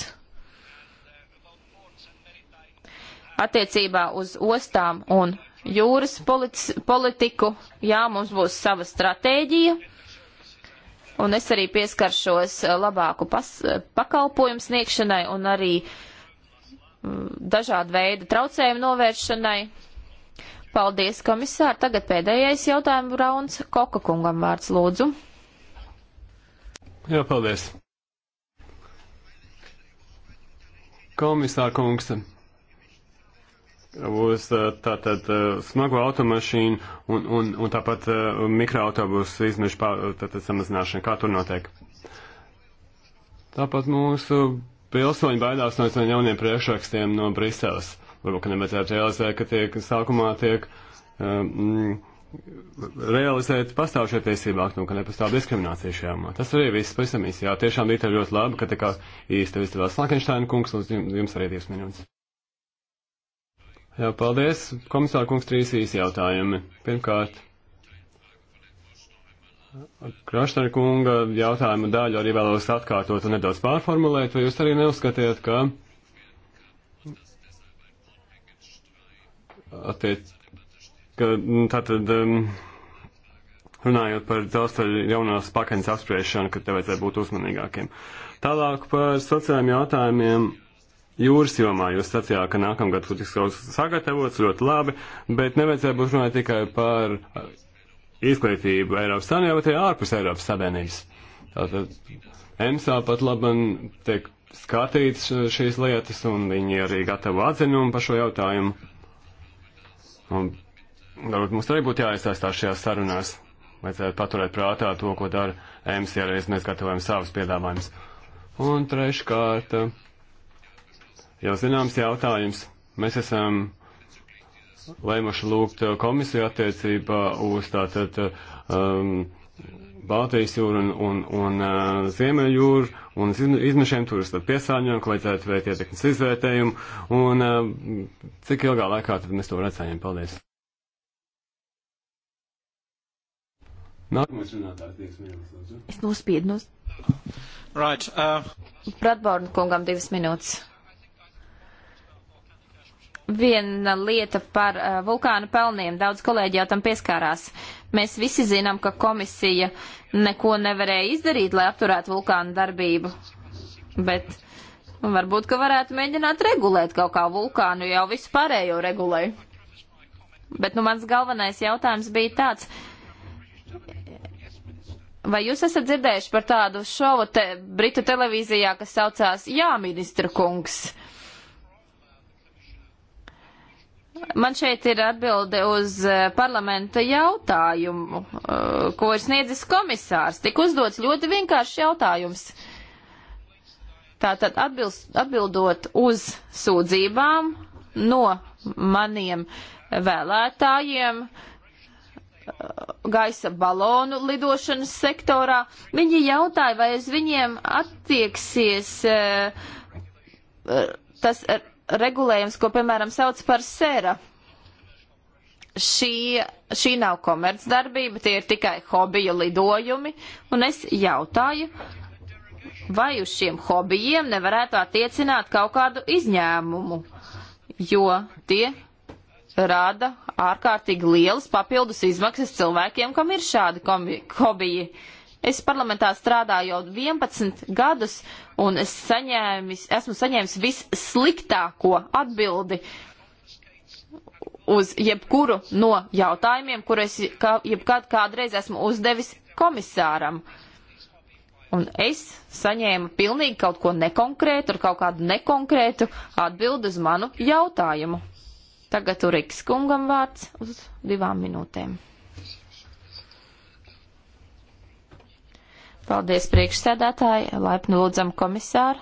Attiecībā uz ostām un jūras politi politiku, jā, mums būs sava stratēģija un es arī pieskaršos eh, labāku pas, eh, pakalpojumu sniegšanai un arī mm, dažādu veidu traucējumu novēršanai. Paldies, komisār. Tagad pēdējais jautājums rauns Koka kungam vārds lūdzu. Jā, paldies. Komisār kungs, būs uh, tātad uh, smago automašīnu un, un, un tāpat uh, mikroautobusu izmešu samazināšana. Kā tur notiek? Tāpat mūsu pilsoņi baidās no saviem jauniem priekšrakstiem no Briseles. Varbūt, ka nevajadzētu realizēt, ka tiek sākumā tiek um, realizēt pastāvšie tiesību aktu un ka nepastāv diskriminācija šajā jomā. Tas arī viss pavisam īsi. Jā, tiešām Dīta ļoti labi, ka tā kā īsti tev izdevās Lankenštaina kungs, lūdzu jums arī divas minūtes. Jā, paldies. Komisāra kungs, trīs īsi jautājumi. Pirmkārt, Kraštara kunga jautājumu daļu arī vēlos atkārtot un nedaudz pārformulēt, vai jūs arī neuzskatiet, ka attiec, ka nu, tātad um, runājot par dzelzceļa jaunās pakaņas apspriešanu, ka te vajadzētu būt uzmanīgākiem. Tālāk par sociālajiem jautājumiem jūras jomā. Jūs sacījāt, ka nākamgad tur tiks kaut kas sagatavots ļoti labi, bet nevajadzētu būt runāt tikai par uh, izglītību Eiropas Savienībā, bet arī ārpus Eiropas Savienības. Tātad EMSA pat labam tiek skatīts uh, šīs lietas, un viņi arī gatavo atzinumu par šo jautājumu. Un, varbūt mums arī būtu jāiesaistās šajās sarunās. Vajadzētu paturēt prātā to, ko dara EMSA, ja reiz mēs gatavojam savus piedāvājumus. Un treškārt. Uh, jau zināms jautājums. Mēs esam lēmuši lūgt uh, komisiju attiecībā uz tātad um, Baltijas jūru un, un, un uh, Ziemeļjūru un izmešiem tur uz piesāņojumu, ka vajadzētu veikt ietekmes izvērtējumu un uh, cik ilgā laikā tad mēs to redzējām. Paldies! Nākamais runātājs divas minūtes, lūdzu. Es nospiedu. Right, uh... Pratbārnu kungam divas minūtes viena lieta par uh, vulkānu pelniem. Daudz kolēģi jau tam pieskārās. Mēs visi zinām, ka komisija neko nevarēja izdarīt, lai apturētu vulkānu darbību. Bet varbūt, ka varētu mēģināt regulēt kaut kā vulkānu, jau visu pārējo regulēju. Bet nu mans galvenais jautājums bija tāds. Vai jūs esat dzirdējuši par tādu šovu te, Britu televīzijā, kas saucās Jā, ministra kungs? Uh, Man šeit ir atbilde uz eh, parlamenta jautājumu, eh, ko ir sniedzis komisārs. Tik uzdots ļoti vienkāršs jautājums. Tātad atbilst, atbildot uz sūdzībām no maniem vēlētājiem eh, gaisa balonu lidošanas sektorā, viņi jautāja, vai uz viņiem attieksies tas regulējums, ko, piemēram, sauc par sēra. Šī, šī nav komercdarbība, tie ir tikai hobiju lidojumi, un es jautāju, vai uz šiem hobijiem nevarētu attiecināt kaut kādu izņēmumu, jo tie rada ārkārtīgi lielas papildus izmaksas cilvēkiem, kam ir šādi hobiji. Uh, Es parlamentā strādāju jau 11 gadus, un es saņēmis, esmu saņēmis vissliktāko atbildi uz jebkuru no jautājumiem, kur es kā, jebkad kādreiz esmu uzdevis komisāram. Un es saņēmu pilnīgi kaut ko nekonkrētu ar kaut kādu nekonkrētu atbildi uz manu jautājumu. Tagad Uriks kungam vārds uz divām minūtēm. Paldies priekšsēdētāji, laipni lūdzam komisāru.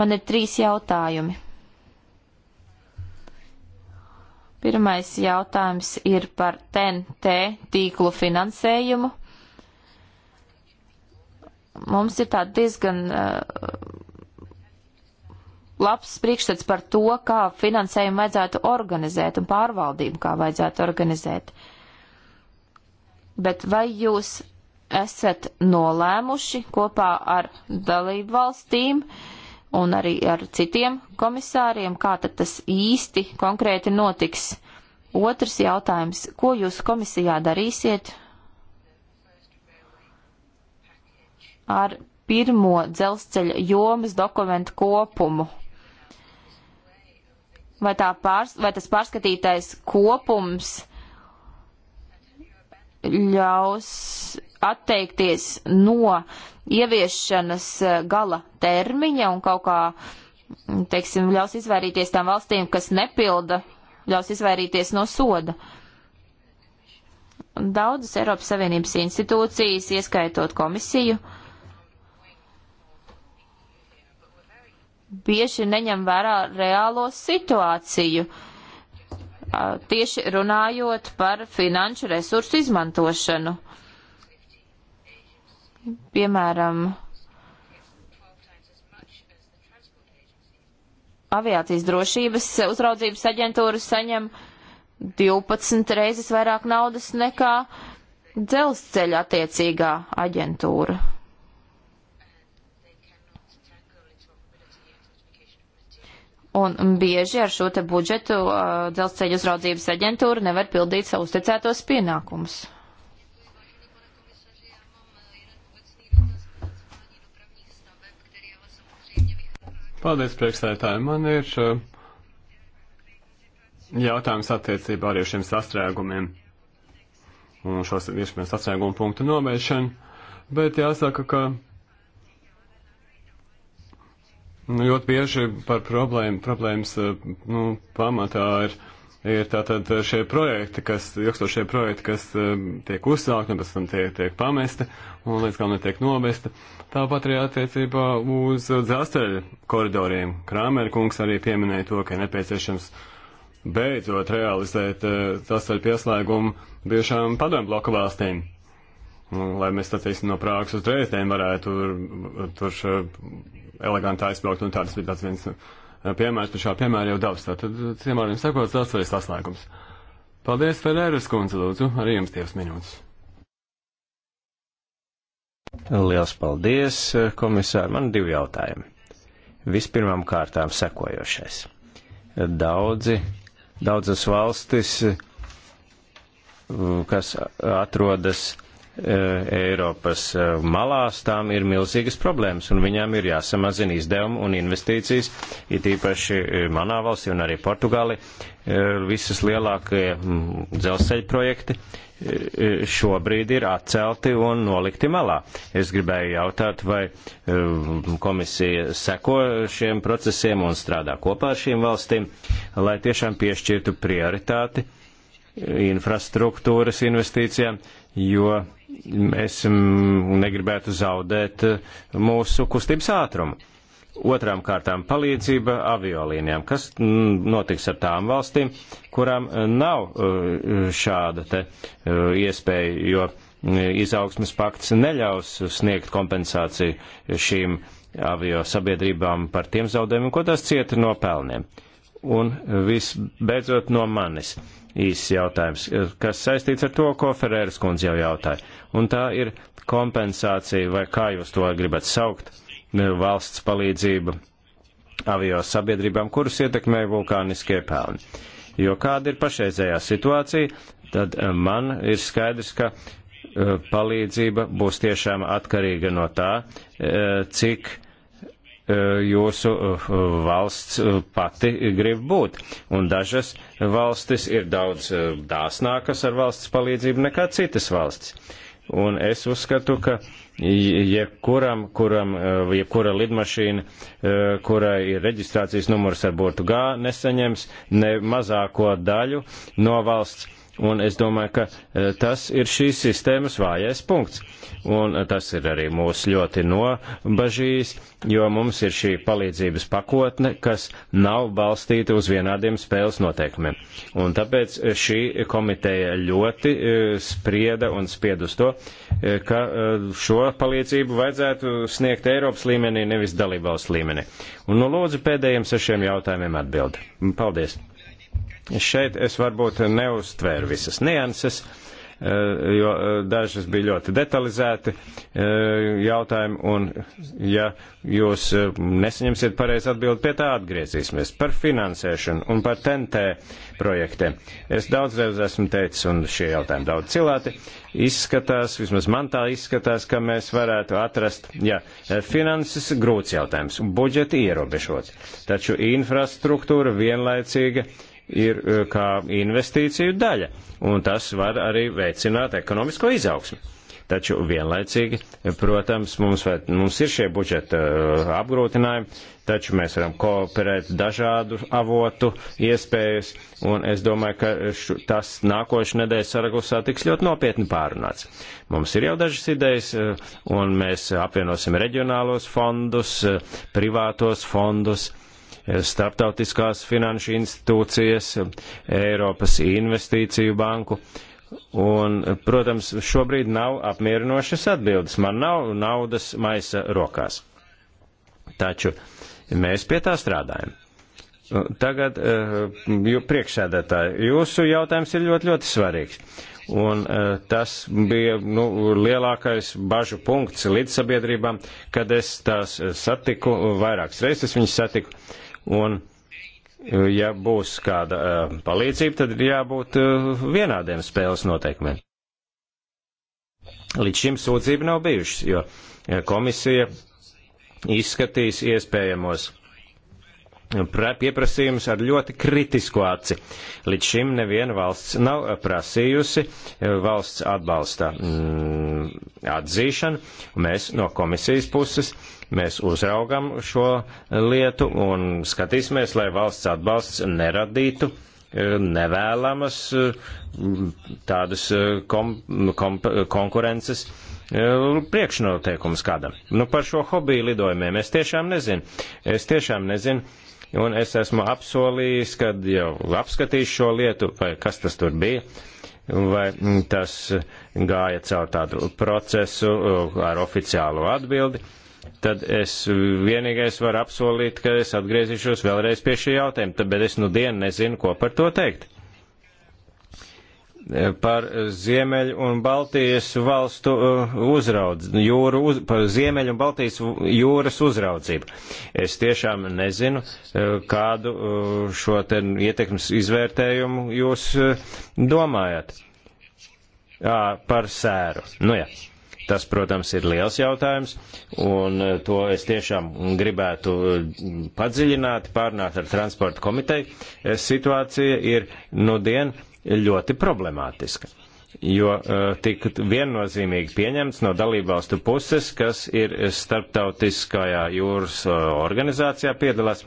Man ir trīs jautājumi. Pirmais jautājums ir par TNT tīklu finansējumu. Mums ir tāds diezgan uh, labs priekšstats par to, kā finansējumu vajadzētu organizēt un pārvaldību, kā vajadzētu organizēt. Bet vai jūs esat nolēmuši kopā ar dalību valstīm un arī ar citiem komisāriem, kā tad tas īsti konkrēti notiks? Otrs jautājums, ko jūs komisijā darīsiet ar pirmo dzelzceļa jomas dokumentu kopumu? Vai, pārs, vai tas pārskatītais kopums ļaus atteikties no ieviešanas eh, gala termiņa un kaut kā, teiksim, ļaus izvairīties tām valstīm, kas nepilda, ļaus izvairīties no soda. Daudzas Eiropas Savienības institūcijas, ieskaitot komisiju, bieži neņem vērā reālo situāciju, tieši runājot par finanšu resursu izmantošanu. Uh, piemēram, aviācijas drošības uzraudzības aģentūra saņem 12 reizes vairāk naudas nekā dzelzceļa attiecīgā aģentūra. Un bieži ar šo te budžetu uh, dzelzceļa uzraudzības aģentūra nevar pildīt savus ticētos pienākumus. Paldies, priekšsētāji. Man ir eh, jautājums attiecībā arī šiem sastrēgumiem un šos iespējams sastrēgumu punktu novēršanu, bet jāsaka, ka nu, ļoti bieži par problēmu, problēmas eh, nu, pamatā ir ir tātad šie projekti, kas, ilgstošie projekti, kas um, tiek uzsākti, un pēc tam tie tiek pamesti, un līdz kam netiek novesti. Tāpat arī attiecībā uz dzelzceļa koridoriem. Krāmeri kungs arī pieminēja to, ka ir nepieciešams beidzot realizēt uh, dzelzceļa pieslēgumu bijušām padomu bloku valstīm. Un, lai mēs sacīsim no Prāgas uz Dresdēm varētu tur, tur uh, elegantā aizbraukt, un tāds bija tāds viens piemērs par šā piemēra jau daudz. Tātad, ciem vārdiem sakot, tas arī saslēgums. Paldies, Ferēras kundze, lūdzu, arī jums divas minūtes. Liels paldies, komisār. Man divi jautājumi. Vispirmām kārtām sekojošais. Daudzi, daudzas valstis, kas atrodas Eh, Eiropas eh, malās, tām ir milzīgas problēmas, un viņām ir jāsamazina izdevumi un investīcijas, it īpaši eh, manā valstī un arī Portugāli. Visas lielākie mm, dzelzceļa projekti šobrīd ir atcelti un nolikti malā. Es gribēju jautāt, vai komisija seko šiem procesiem un strādā kopā ar šīm valstīm, lai tiešām piešķirtu prioritāti infrastruktūras investīcijām, jo mēs mm, negribētu zaudēt eh, mūsu kustības ātrumu. Otrām kārtām palīdzība aviolīnijām. Kas mm, notiks ar tām valstīm, kurām eh, nav eh, šāda te iespēja, jo mm, izaugsmas pakts neļaus sniegt kompensāciju šīm avio sabiedrībām par tiem zaudējumiem, ko tās cieta no pelniem. Uh, Un visbeidzot no manis īsts jautājums, kas saistīts ar to, ko Ferēras kundze jau jautāja. Un tā ir kompensācija, vai kā jūs to gribat saukt, valsts palīdzība avio sabiedrībām, kurus ietekmē vulkāniskie pelni. Jo kāda ir pašreizējā situācija, tad man ir skaidrs, ka eh, palīdzība būs tiešām atkarīga no tā, eh, cik Eh, jūsu eh, valsts eh, pati grib būt. Un dažas valstis ir daudz dāsnākas ar valsts palīdzību nekā citas valstis. Un es uzskatu, ka jebkuram, kuram, jebkura lidmašīna, kurai ir reģistrācijas numurs ar burtu G, nesaņems ne mazāko daļu no valsts Un es domāju, ka eh, tas ir šīs sistēmas vājais punkts. Un eh, tas ir arī mūs ļoti nobažījis, jo mums ir šī palīdzības pakotne, kas nav balstīta uz vienādiem spēles noteikumiem. Un tāpēc eh, šī komiteja ļoti sprieda un spied uz to, ka šo palīdzību vajadzētu sniegt Eiropas līmenī, nevis dalībvalsts līmenī. Un nu lūdzu pēdējiem sešiem jautājumiem atbildi. Paldies! Šeit es varbūt neuztvēru visas nianses, eh, jo eh, dažas bija ļoti detalizēti eh, jautājumi, un ja jūs nesaņemsiet pareizi atbildi, pie tā atgriezīsimies. Par finansēšanu un par TNT projektiem. Es daudzreiz esmu teicis, un šie jautājumi daudz cilāti, izskatās, vismaz man tā izskatās, ka mēs varētu atrast, jā, finanses grūts jautājums, budžeti ierobežots, taču infrastruktūra vienlaicīga ir eh, kā investīciju daļa, un tas var arī veicināt ekonomisko izaugsmu. Taču vienlaicīgi, protams, mums, vai, mums ir šie budžeta eh, apgrūtinājumi, taču mēs varam kooperēt dažādu avotu iespējas, un es domāju, ka š, tas nākošais nedēļas saragusā tiks ļoti nopietni pārunāts. Mums ir jau dažas idejas, eh, un mēs apvienosim reģionālos fondus, privātos fondus starptautiskās finanšu institūcijas, Eiropas investīciju banku. Un, protams, šobrīd nav apmierinošas atbildes. Man nav naudas maisa rokās. Taču mēs pie tā strādājam. Tagad eh, jū, priekšsēdētāji, jūsu jautājums ir ļoti, ļoti svarīgs. Un eh, tas bija nu, lielākais bažu punkts līdz sabiedrībām, kad es tās satiku, vairākas reizes viņas satiku, Un, eh, ja būs kāda eh, palīdzība, tad ir jābūt eh, vienādiem spēles noteikumiem. Līdz šim sūdzība nav bijušas, jo komisija izskatīs iespējamos pieprasījums ar ļoti kritisku aci. Līdz šim neviena valsts nav prasījusi e, valsts atbalsta mm, atzīšanu. Mēs no komisijas puses mēs uzraugam šo lietu un skatīsimies, lai valsts atbalsts neradītu e, nevēlamas e, tādas kom, kom, konkurences priekšnoteikumus kādam. Nu, par šo hobiju lidojumiem es tiešām nezinu. Es tiešām nezinu, un es esmu apsolījis, kad jau apskatīšu šo lietu, vai kas tas tur bija, vai tas gāja caur tādu procesu uh, ar oficiālu atbildi, tad es vienīgais varu apsolīt, ka es atgriezīšos vēlreiz pie šī jautājuma, bet es nu dienu nezinu, ko par to teikt par Ziemeļu un Baltijas valstu uh, uzraudzību, jūru, uz, par Ziemeļu un Baltijas jūras uzraudzību. Es tiešām nezinu, uh, kādu uh, šo te ietekmes izvērtējumu jūs domājat à, par sēru. Nu jā. Tas, protams, ir liels jautājums, un to es tiešām gribētu padziļināt, pārnāt ar transporta komiteju. Situācija ir nu no dienu ir ļoti problemātiska jo e, tika viennozīmīgi pieņemts no dalībvalstu puses, kas ir starptautiskajā jūras e, organizācijā piedalās,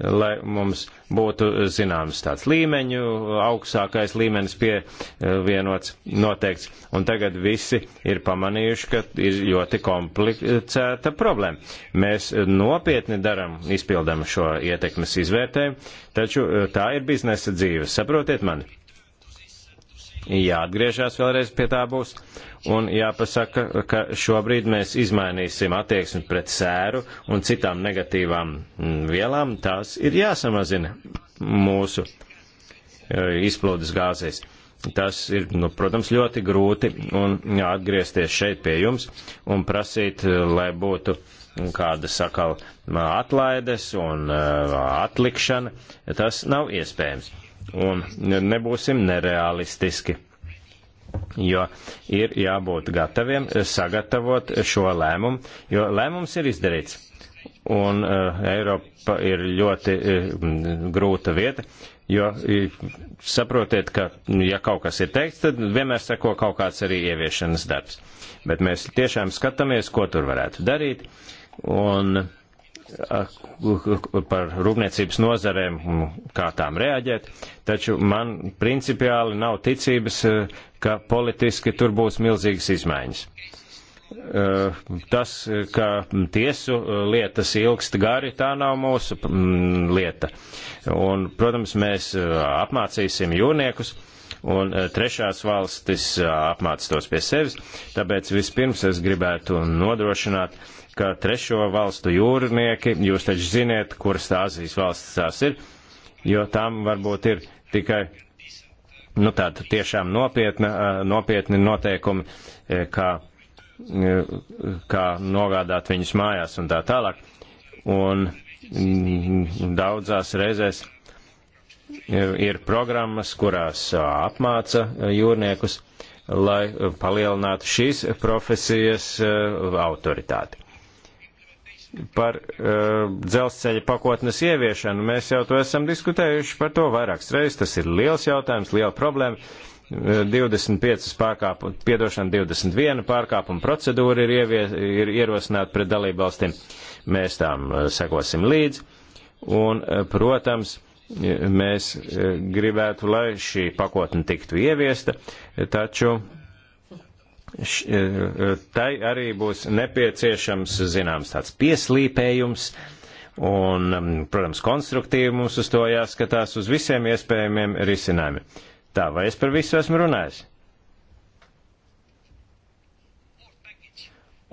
lai mums būtu zināms tāds līmeņu, augstākais līmenis pievienots noteikts. Un tagad visi ir pamanījuši, ka ir ļoti komplicēta problēma. Mēs nopietni daram, izpildam šo ietekmes izvērtējumu, taču e, tā ir biznesa dzīve, saprotiet mani jāatgriežās vēlreiz pie tā būs. Un jāpasaka, ka šobrīd mēs izmainīsim attieksmi pret sēru un citām negatīvām mm, vielām. Tās ir jāsamazina mūsu e, izplūdes gāzēs. Tas ir, nu, protams, ļoti grūti un atgriezties šeit pie jums un prasīt, e, lai būtu kāda sakal atlaides un e, atlikšana. Tas nav iespējams un nebūsim nereālistiski, jo ir jābūt gataviem sagatavot šo lēmumu, jo lēmums ir izdarīts. Un uh, Eiropa ir ļoti uh, grūta vieta, jo eh, saprotiet, ka ja kaut kas ir teikts, tad vienmēr seko kaut kāds arī ieviešanas darbs. Bet mēs tiešām skatāmies, ko tur varētu darīt. Un uh, par rūpniecības nozarēm, kā tām reaģēt, taču man principiāli nav ticības, ka politiski tur būs milzīgas izmaiņas. Tas, ka tiesu lietas ilgst gari, tā nav mūsu lieta. Un, protams, mēs apmācīsim jūniekus un trešās valstis apmāca tos pie sevis, tāpēc vispirms es gribētu nodrošināt, uh, ka trešo valstu jūrnieki, jūs taču ziniet, kuras Āzijas valstis tās ir, jo tām varbūt ir tikai, nu tāda tiešām nopietna, nopietni noteikumi, kā, kā nogādāt viņus mājās un tā tālāk. Un mm, daudzās reizēs ir programmas, kurās apmāca jūrniekus, lai palielinātu šīs profesijas autoritāti par uh, dzelzceļa pakotnes ieviešanu. Mēs jau to esam diskutējuši par to vairākas reizes. Tas ir liels jautājums, liela problēma. 25 eh, pārkāpumu, piedošana 21 pārkāpumu procedūra ir, ievie, ir ierosināta pret dalībvalstīm. Mēs tām eh, sekosim līdzi. Un, protams, mēs gribētu, lai šī pakotne tiktu ieviesta, taču E, e, tai arī būs nepieciešams zināms tāds pieslīpējums. Un, protams, konstruktīvi mums uz to jāskatās uz visiem iespējamiem risinājumiem. Tā, vai es par visu esmu runājis?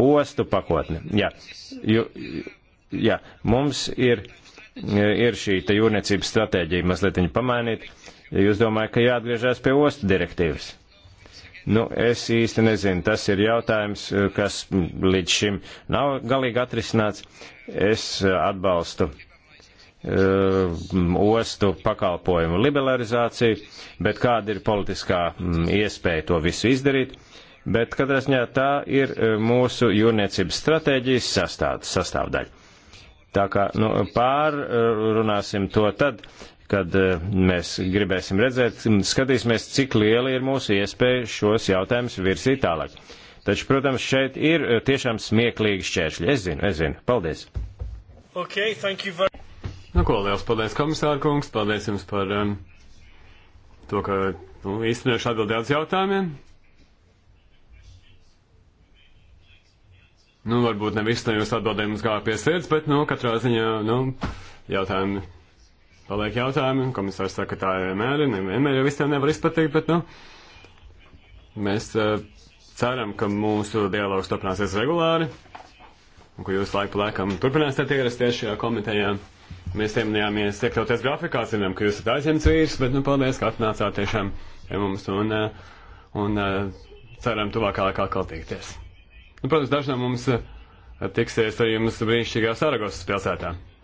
Ostu pakotne. Jā, jo, jā. mums ir, e, ir šī jūrniecības stratēģija mazliet viņa pamainīt. Jūs domājat, ka jāatgriežas pie ostu direktīvas? Nu, es īsti nezinu, tas ir jautājums, eh, kas līdz šim nav galīgi atrisināts. Es eh, atbalstu uh, ostu pakalpojumu liberalizāciju, bet kāda ir politiskā um, iespēja to visu izdarīt. Bet katrā ziņā tā ir mūsu jūrniecības stratēģijas sastāv, sastāvdaļa. Tā kā nu, pārrunāsim to tad, kad eh, mēs gribēsim redzēt, skatīsimies, cik liela ir mūsu iespēja šos jautājumus virsīt tālāk. Taču, protams, šeit ir eh, tiešām smieklīgi šķēršļi. Es zinu, es zinu. Paldies! Okay, very... Nu ko, liels paldies, komisāra kungs, paldies jums par um, to, ka nu, īstenojuši atbildēt uz jautājumiem. Nu, varbūt ne visu no jūsu atbildējumu uz kā piesirds, bet, nu, katrā ziņā, nu, jautājumi paliek jautājumi. Komisārs saka, ka tā ir vienmēr, nevienmēr jau visiem nevar izpatikt, bet, nu, mēs uh, ceram, ka mūsu dialogs turpināsies regulāri un ka jūs laiku laikam turpināsiet ierasties šajā komitejā. Mēs tieminējāmies iekļauties grafikā, zinām, ka jūs esat aizņemts vīrs, bet, nu, paldies, ka atnācāt tiešām pie mums un, eh, un eh, ceram tuvākā laikā atkal tikties. Nu, protams, daži no mums tiksies ar jums brīnišķīgā Saragosas pilsētā.